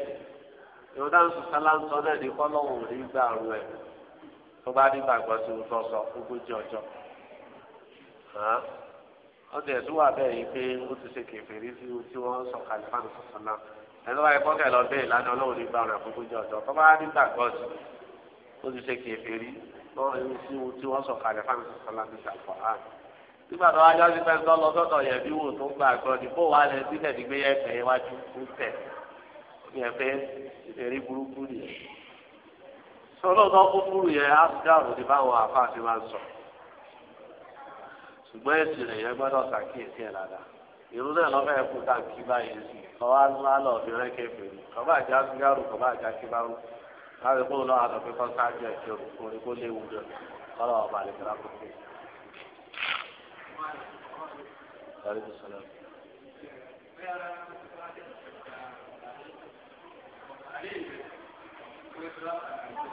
yóò dá nsọ sálánsọ náà ní kọ́lọ́wù rí gbà rú ẹ tó bá nígbàgbọ́ sí ọdẹ ẹdun wà bẹ́ẹ̀ yìí pé ó ti ṣe kẹfẹẹrí sí ohun tí wọn sọ kàlífàánù tuntun náà ẹni wáyé kọkẹ lọ bẹ́ẹ̀ lánà Ọlọ́run nígbà ọ̀rọ̀ àkókò jẹ ọjọ́ tọba nígbà gọọsì ó ti ṣe kẹfẹẹrí lọ sí ohun tí wọn sọ kàlífàánù tuntun náà ti ṣàfọ hàn nígbà tó wájú ọdún pẹ́ tó lọ sọ́tọ̀ yẹ bí wò tó gbà ni bó wà lẹ sílẹ̀ ní gbé yẹ fẹ́ iwájú ń ṣùgbọ́n ẹ̀sìn rẹ̀ yẹn gbọ́dọ̀ ṣàkíyèsí ẹ̀ dáadáa irú náà lọ́fẹ̀ẹ́ kú tá a kí báyìí sí ọwọ́ alá lọ fi rẹ́kẹ̀ fèrè kọ́bá àjá sígárù kọ́bá àjá kíbárù kó lọ́wọ́ àtọ̀ pé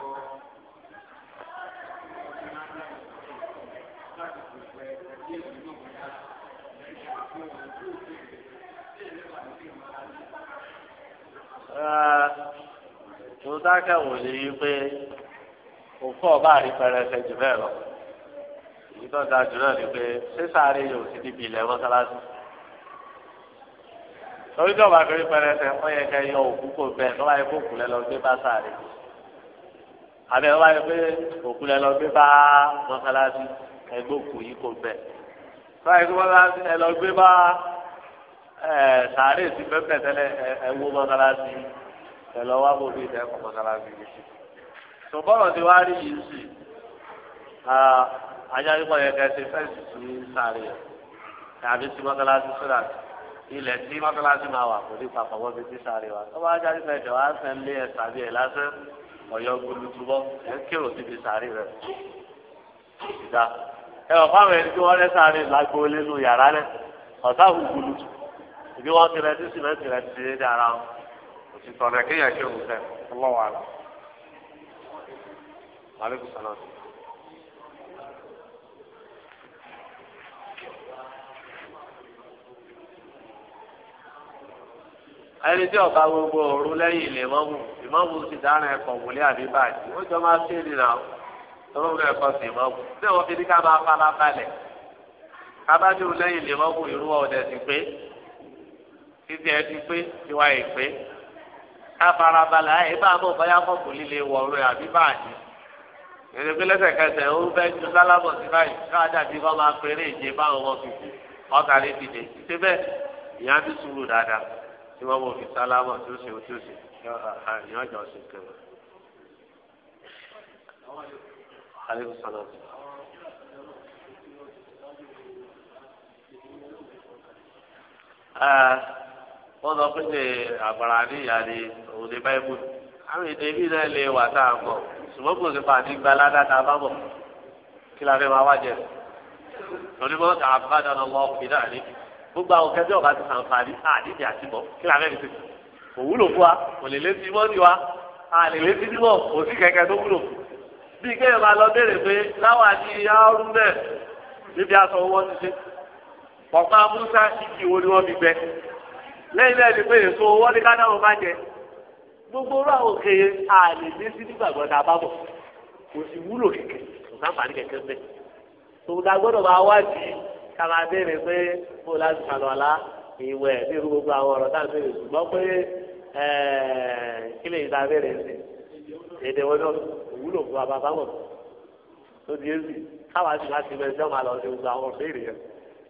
ọba mo eh, dákẹ́ wò lé wípé òkú ọba àrí jù bẹ́ẹ̀ lọ ìtọ́ da jù náà ni pé sísáré yóò ti di bilẹ̀ mọ́sálásí torí tí ọba àkèrè pẹrẹsẹ wọ́n yẹ kẹ́ yọ òkú kò bẹ́ẹ̀ lọ́wọ́ ayé kó kù lọ gbé bá sáré àbẹ wọ́n ayé pé òkú lẹ́ lọ gbé bá mọ́sálásí ẹgbẹ́ òkú yìí kò bẹ́ẹ̀ lọ́wọ́ kó mọ́sálásí ẹ lọ gbé bá sàárè sí pẹ́pẹ́ tẹ́lẹ̀ ẹ̀wú mọ́sálásí ẹ̀lọ́ wá bóbi ìdẹ́kùn mọ́sálásí yìí. sọ̀bọ́rọ̀ ti wá rí yìí sí ajáyípọ̀ yẹn kẹsì fẹ́ǹsì sí sàárè tàbí sí mọ́sálásí sódà ilẹ̀ tí mọ́sálásí máa wà kò ní papọ̀ wọ́n fi sí sàárè wa. tọ́wọ́ ajáyí fẹ́ jọ wá sẹ́ ń lé ẹ̀ sàbí ẹ̀ lásán ọ̀yọ́ gbólutúbọ́ ẹ̀ kérò síbi sàárè rẹ̀ ìdá ẹ̀ ọ̀pá ìbí wọn ti rẹ tí sì mẹsì rẹ ti dé ara wọn òsì tọ̀nà kéèyàn ṣe òun fẹ ọlọ́wà rẹ. maaleykum salaam. ẹni tí ọba gbogbo òru lẹ́yìn ilé mọ́mú ìmọ̀mú ti dáná ẹ̀kọ́ wòlé àbíbáyé ó jọ máa ṣe ìrìnà tọ́lọ́ bẹ́ẹ̀ kọ́ sí ìmọ̀mú tí wọ́n fi ní ká máa fara balẹ̀ kábàdé òru lẹ́yìn ilé mọ́mú ìrú ọ̀dẹ̀ ti pé títí ẹ ti pé tiwa yìí pé afarabalẹ̀ ayé bá bọ̀ báyà kọ̀ọ̀kù líle wọ̀ọ́rọ̀ àbí báyìí èdè pé lẹ́sẹ̀kẹsẹ̀ ó fẹ́ ju sálábọ̀ sí báyìí káà dàbí kọ́ máa péré ìje báwọn ọmọ fìfì ọkà lè dìde títí bẹ́ẹ̀ ìyá ti sùúrù dáadáa tí wọ́n mọ̀ fi sálábọ̀ tó ṣe tó ṣe ìyá ọjọ́ ṣe kẹwàá. aleykum salaam. Ah, wọ́n sọ pé ṣe àgbàrá níyà ni òun ní báyìí àwọn èdè bí náà lè wà tá a mọ̀ ṣùgbọ́n kò sí pàdé gba ládàá bá bọ̀ kí la fẹ́ máa wá jẹ lórí mọ́ tà bá dáná lọ fi náà ní gbogbo àwọn kẹ́tẹ́ ọ̀gá ti sàǹfààní àdídì àti bọ̀ kí la fẹ́ fi ṣe kò wúlò fún wa kò lè lé sí mọ́ni wa a lè lé sí mọ́ kò sí kẹ̀kẹ́ tó wúlò bí kéèyàn máa lọ béèrè pé láwọn àti arún bẹ́ẹ̀ níbi aṣọ owó ti ṣe pọ̀pá musa ìdí wo ni wọ́n lẹ́yìn náà ni pé èso owó ní kánáwó má jẹ gbogbo ọ̀rọ̀ àwọn òkè àlè ní sí nígbàgbọ́ náà bá bọ̀ kò sì wúlò kẹ̀kẹ́ kò sáǹfààní kẹ̀kẹ́ bẹ́ẹ̀ tòun la gbọ́dọ̀ máa wá di kàmá béèrè pé mo la ti sàlọ̀ la ìwẹ̀ ní irú gbogbo àwọn ọ̀rọ̀ náà béèrè ṣùgbọ́n pé kí lè ta béèrè sí èdè wọn náà òwúlò fún bàbá bá wọn tó di èsì káwá sì láti bẹ ẹjọ́ máa lọ sí gbogbo àwọn béèrè yẹn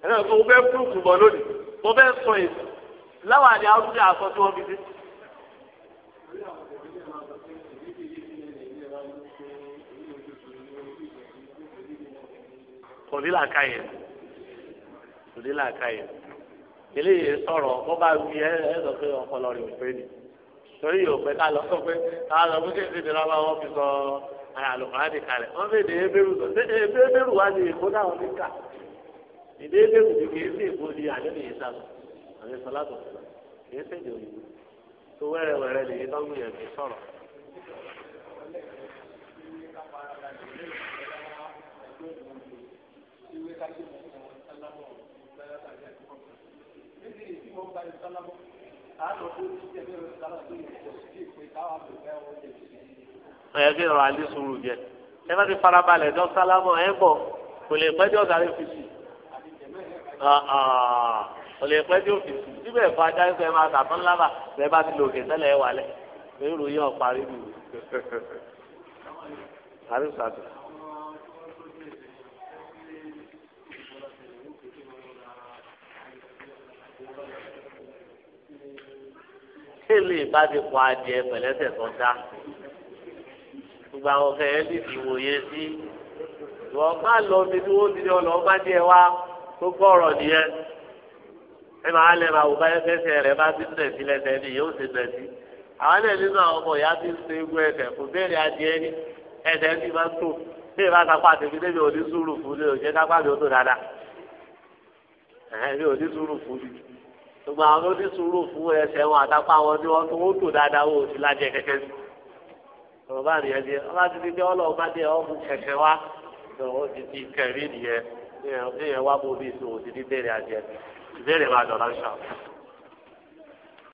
ẹ̀ náà mo fẹ́ fúrùkù bọ̀ lónìí mo fẹ́ sọ èsì láwọn àdé àwùjọ àsọ tí wọ́n fi sí. kò ní làákàyè kò ní làákàyè eléyìí sọ̀rọ̀ bó bá wí ẹ ẹ sọ pé ọpọlọ rẹ̀ ò pé ni torí yóò pé ká lọ sọ pé ká lọ pé kí èsì ìdílé wọn fi sọ àlùkòrán ti kalẹ̀ wọ́n fi dé ebéèrú sọ ṣé ebéèrú wa ni èkó náà ìdí ebéèrú ti kì í sí èkó ni àlẹ́ nìyí sábà àti sọlá tó sọlá kìí ṣèjọ òyìnbó tó wẹ́rẹ́wẹ́rẹ́ lè yíká wúyẹ fi sọ̀rọ̀. ọ̀yẹ́ kí ọ̀rọ̀ alẹ́ sùúrù jẹ ẹ bá ti farabalẹ̀ dọ́ sálámọ̀ ẹ bọ̀ kò lè pẹ́jọ́ sáré fi sí olè pẹ́ tí ó fi sùn síbẹ̀ fún ajá ń sẹ́ máa tàbí ńlá bà bẹ́ẹ̀ bá ti lò òkè tẹ́lẹ̀ ẹ̀ wà lẹ̀ èrò yóò parí nù. àrísàtò. kéèlè bá ti pọ̀ adìẹ pẹ̀lẹ́sẹ̀ tó dá gbogbo àwọn ọ̀fẹ́ ẹ̀ ti sí wọ́n má lọ bí tí wọ́n ti lọ lọ́ọ́ bá díẹ̀ wá tó gbọ́ nìyẹn ẹ máa lẹ máa wò bá ẹsẹ̀ rẹ̀ bá ti ń tẹ̀sí lẹ́sẹ̀ ni yóò ṣe tẹ̀sí àwọn ẹlẹ́ nínú àwọn ọmọ ìyá ti ń ṣe egun ẹsẹ̀ kò béèrè adìẹ ní ẹsẹ̀ ti máa ń tò bí ìbá sapá àti ìdílé mi ò ní sùúrù fún mi ò jẹ́ sápá mi ò tó dáadáa ẹ̀hẹ́n mi ò ní sùúrù fún mi gbogbo àwọn ló ní sùúrù fún ẹsẹ̀ wọn àtàpá wọn ni wọ́n tó wọ́n tò dáadáa wọn ò sí lájẹ kẹ̀kẹ́ sí ọba nìyẹn ti ọba ti ìbéèrè máa dọ̀rọ̀ ṣọ.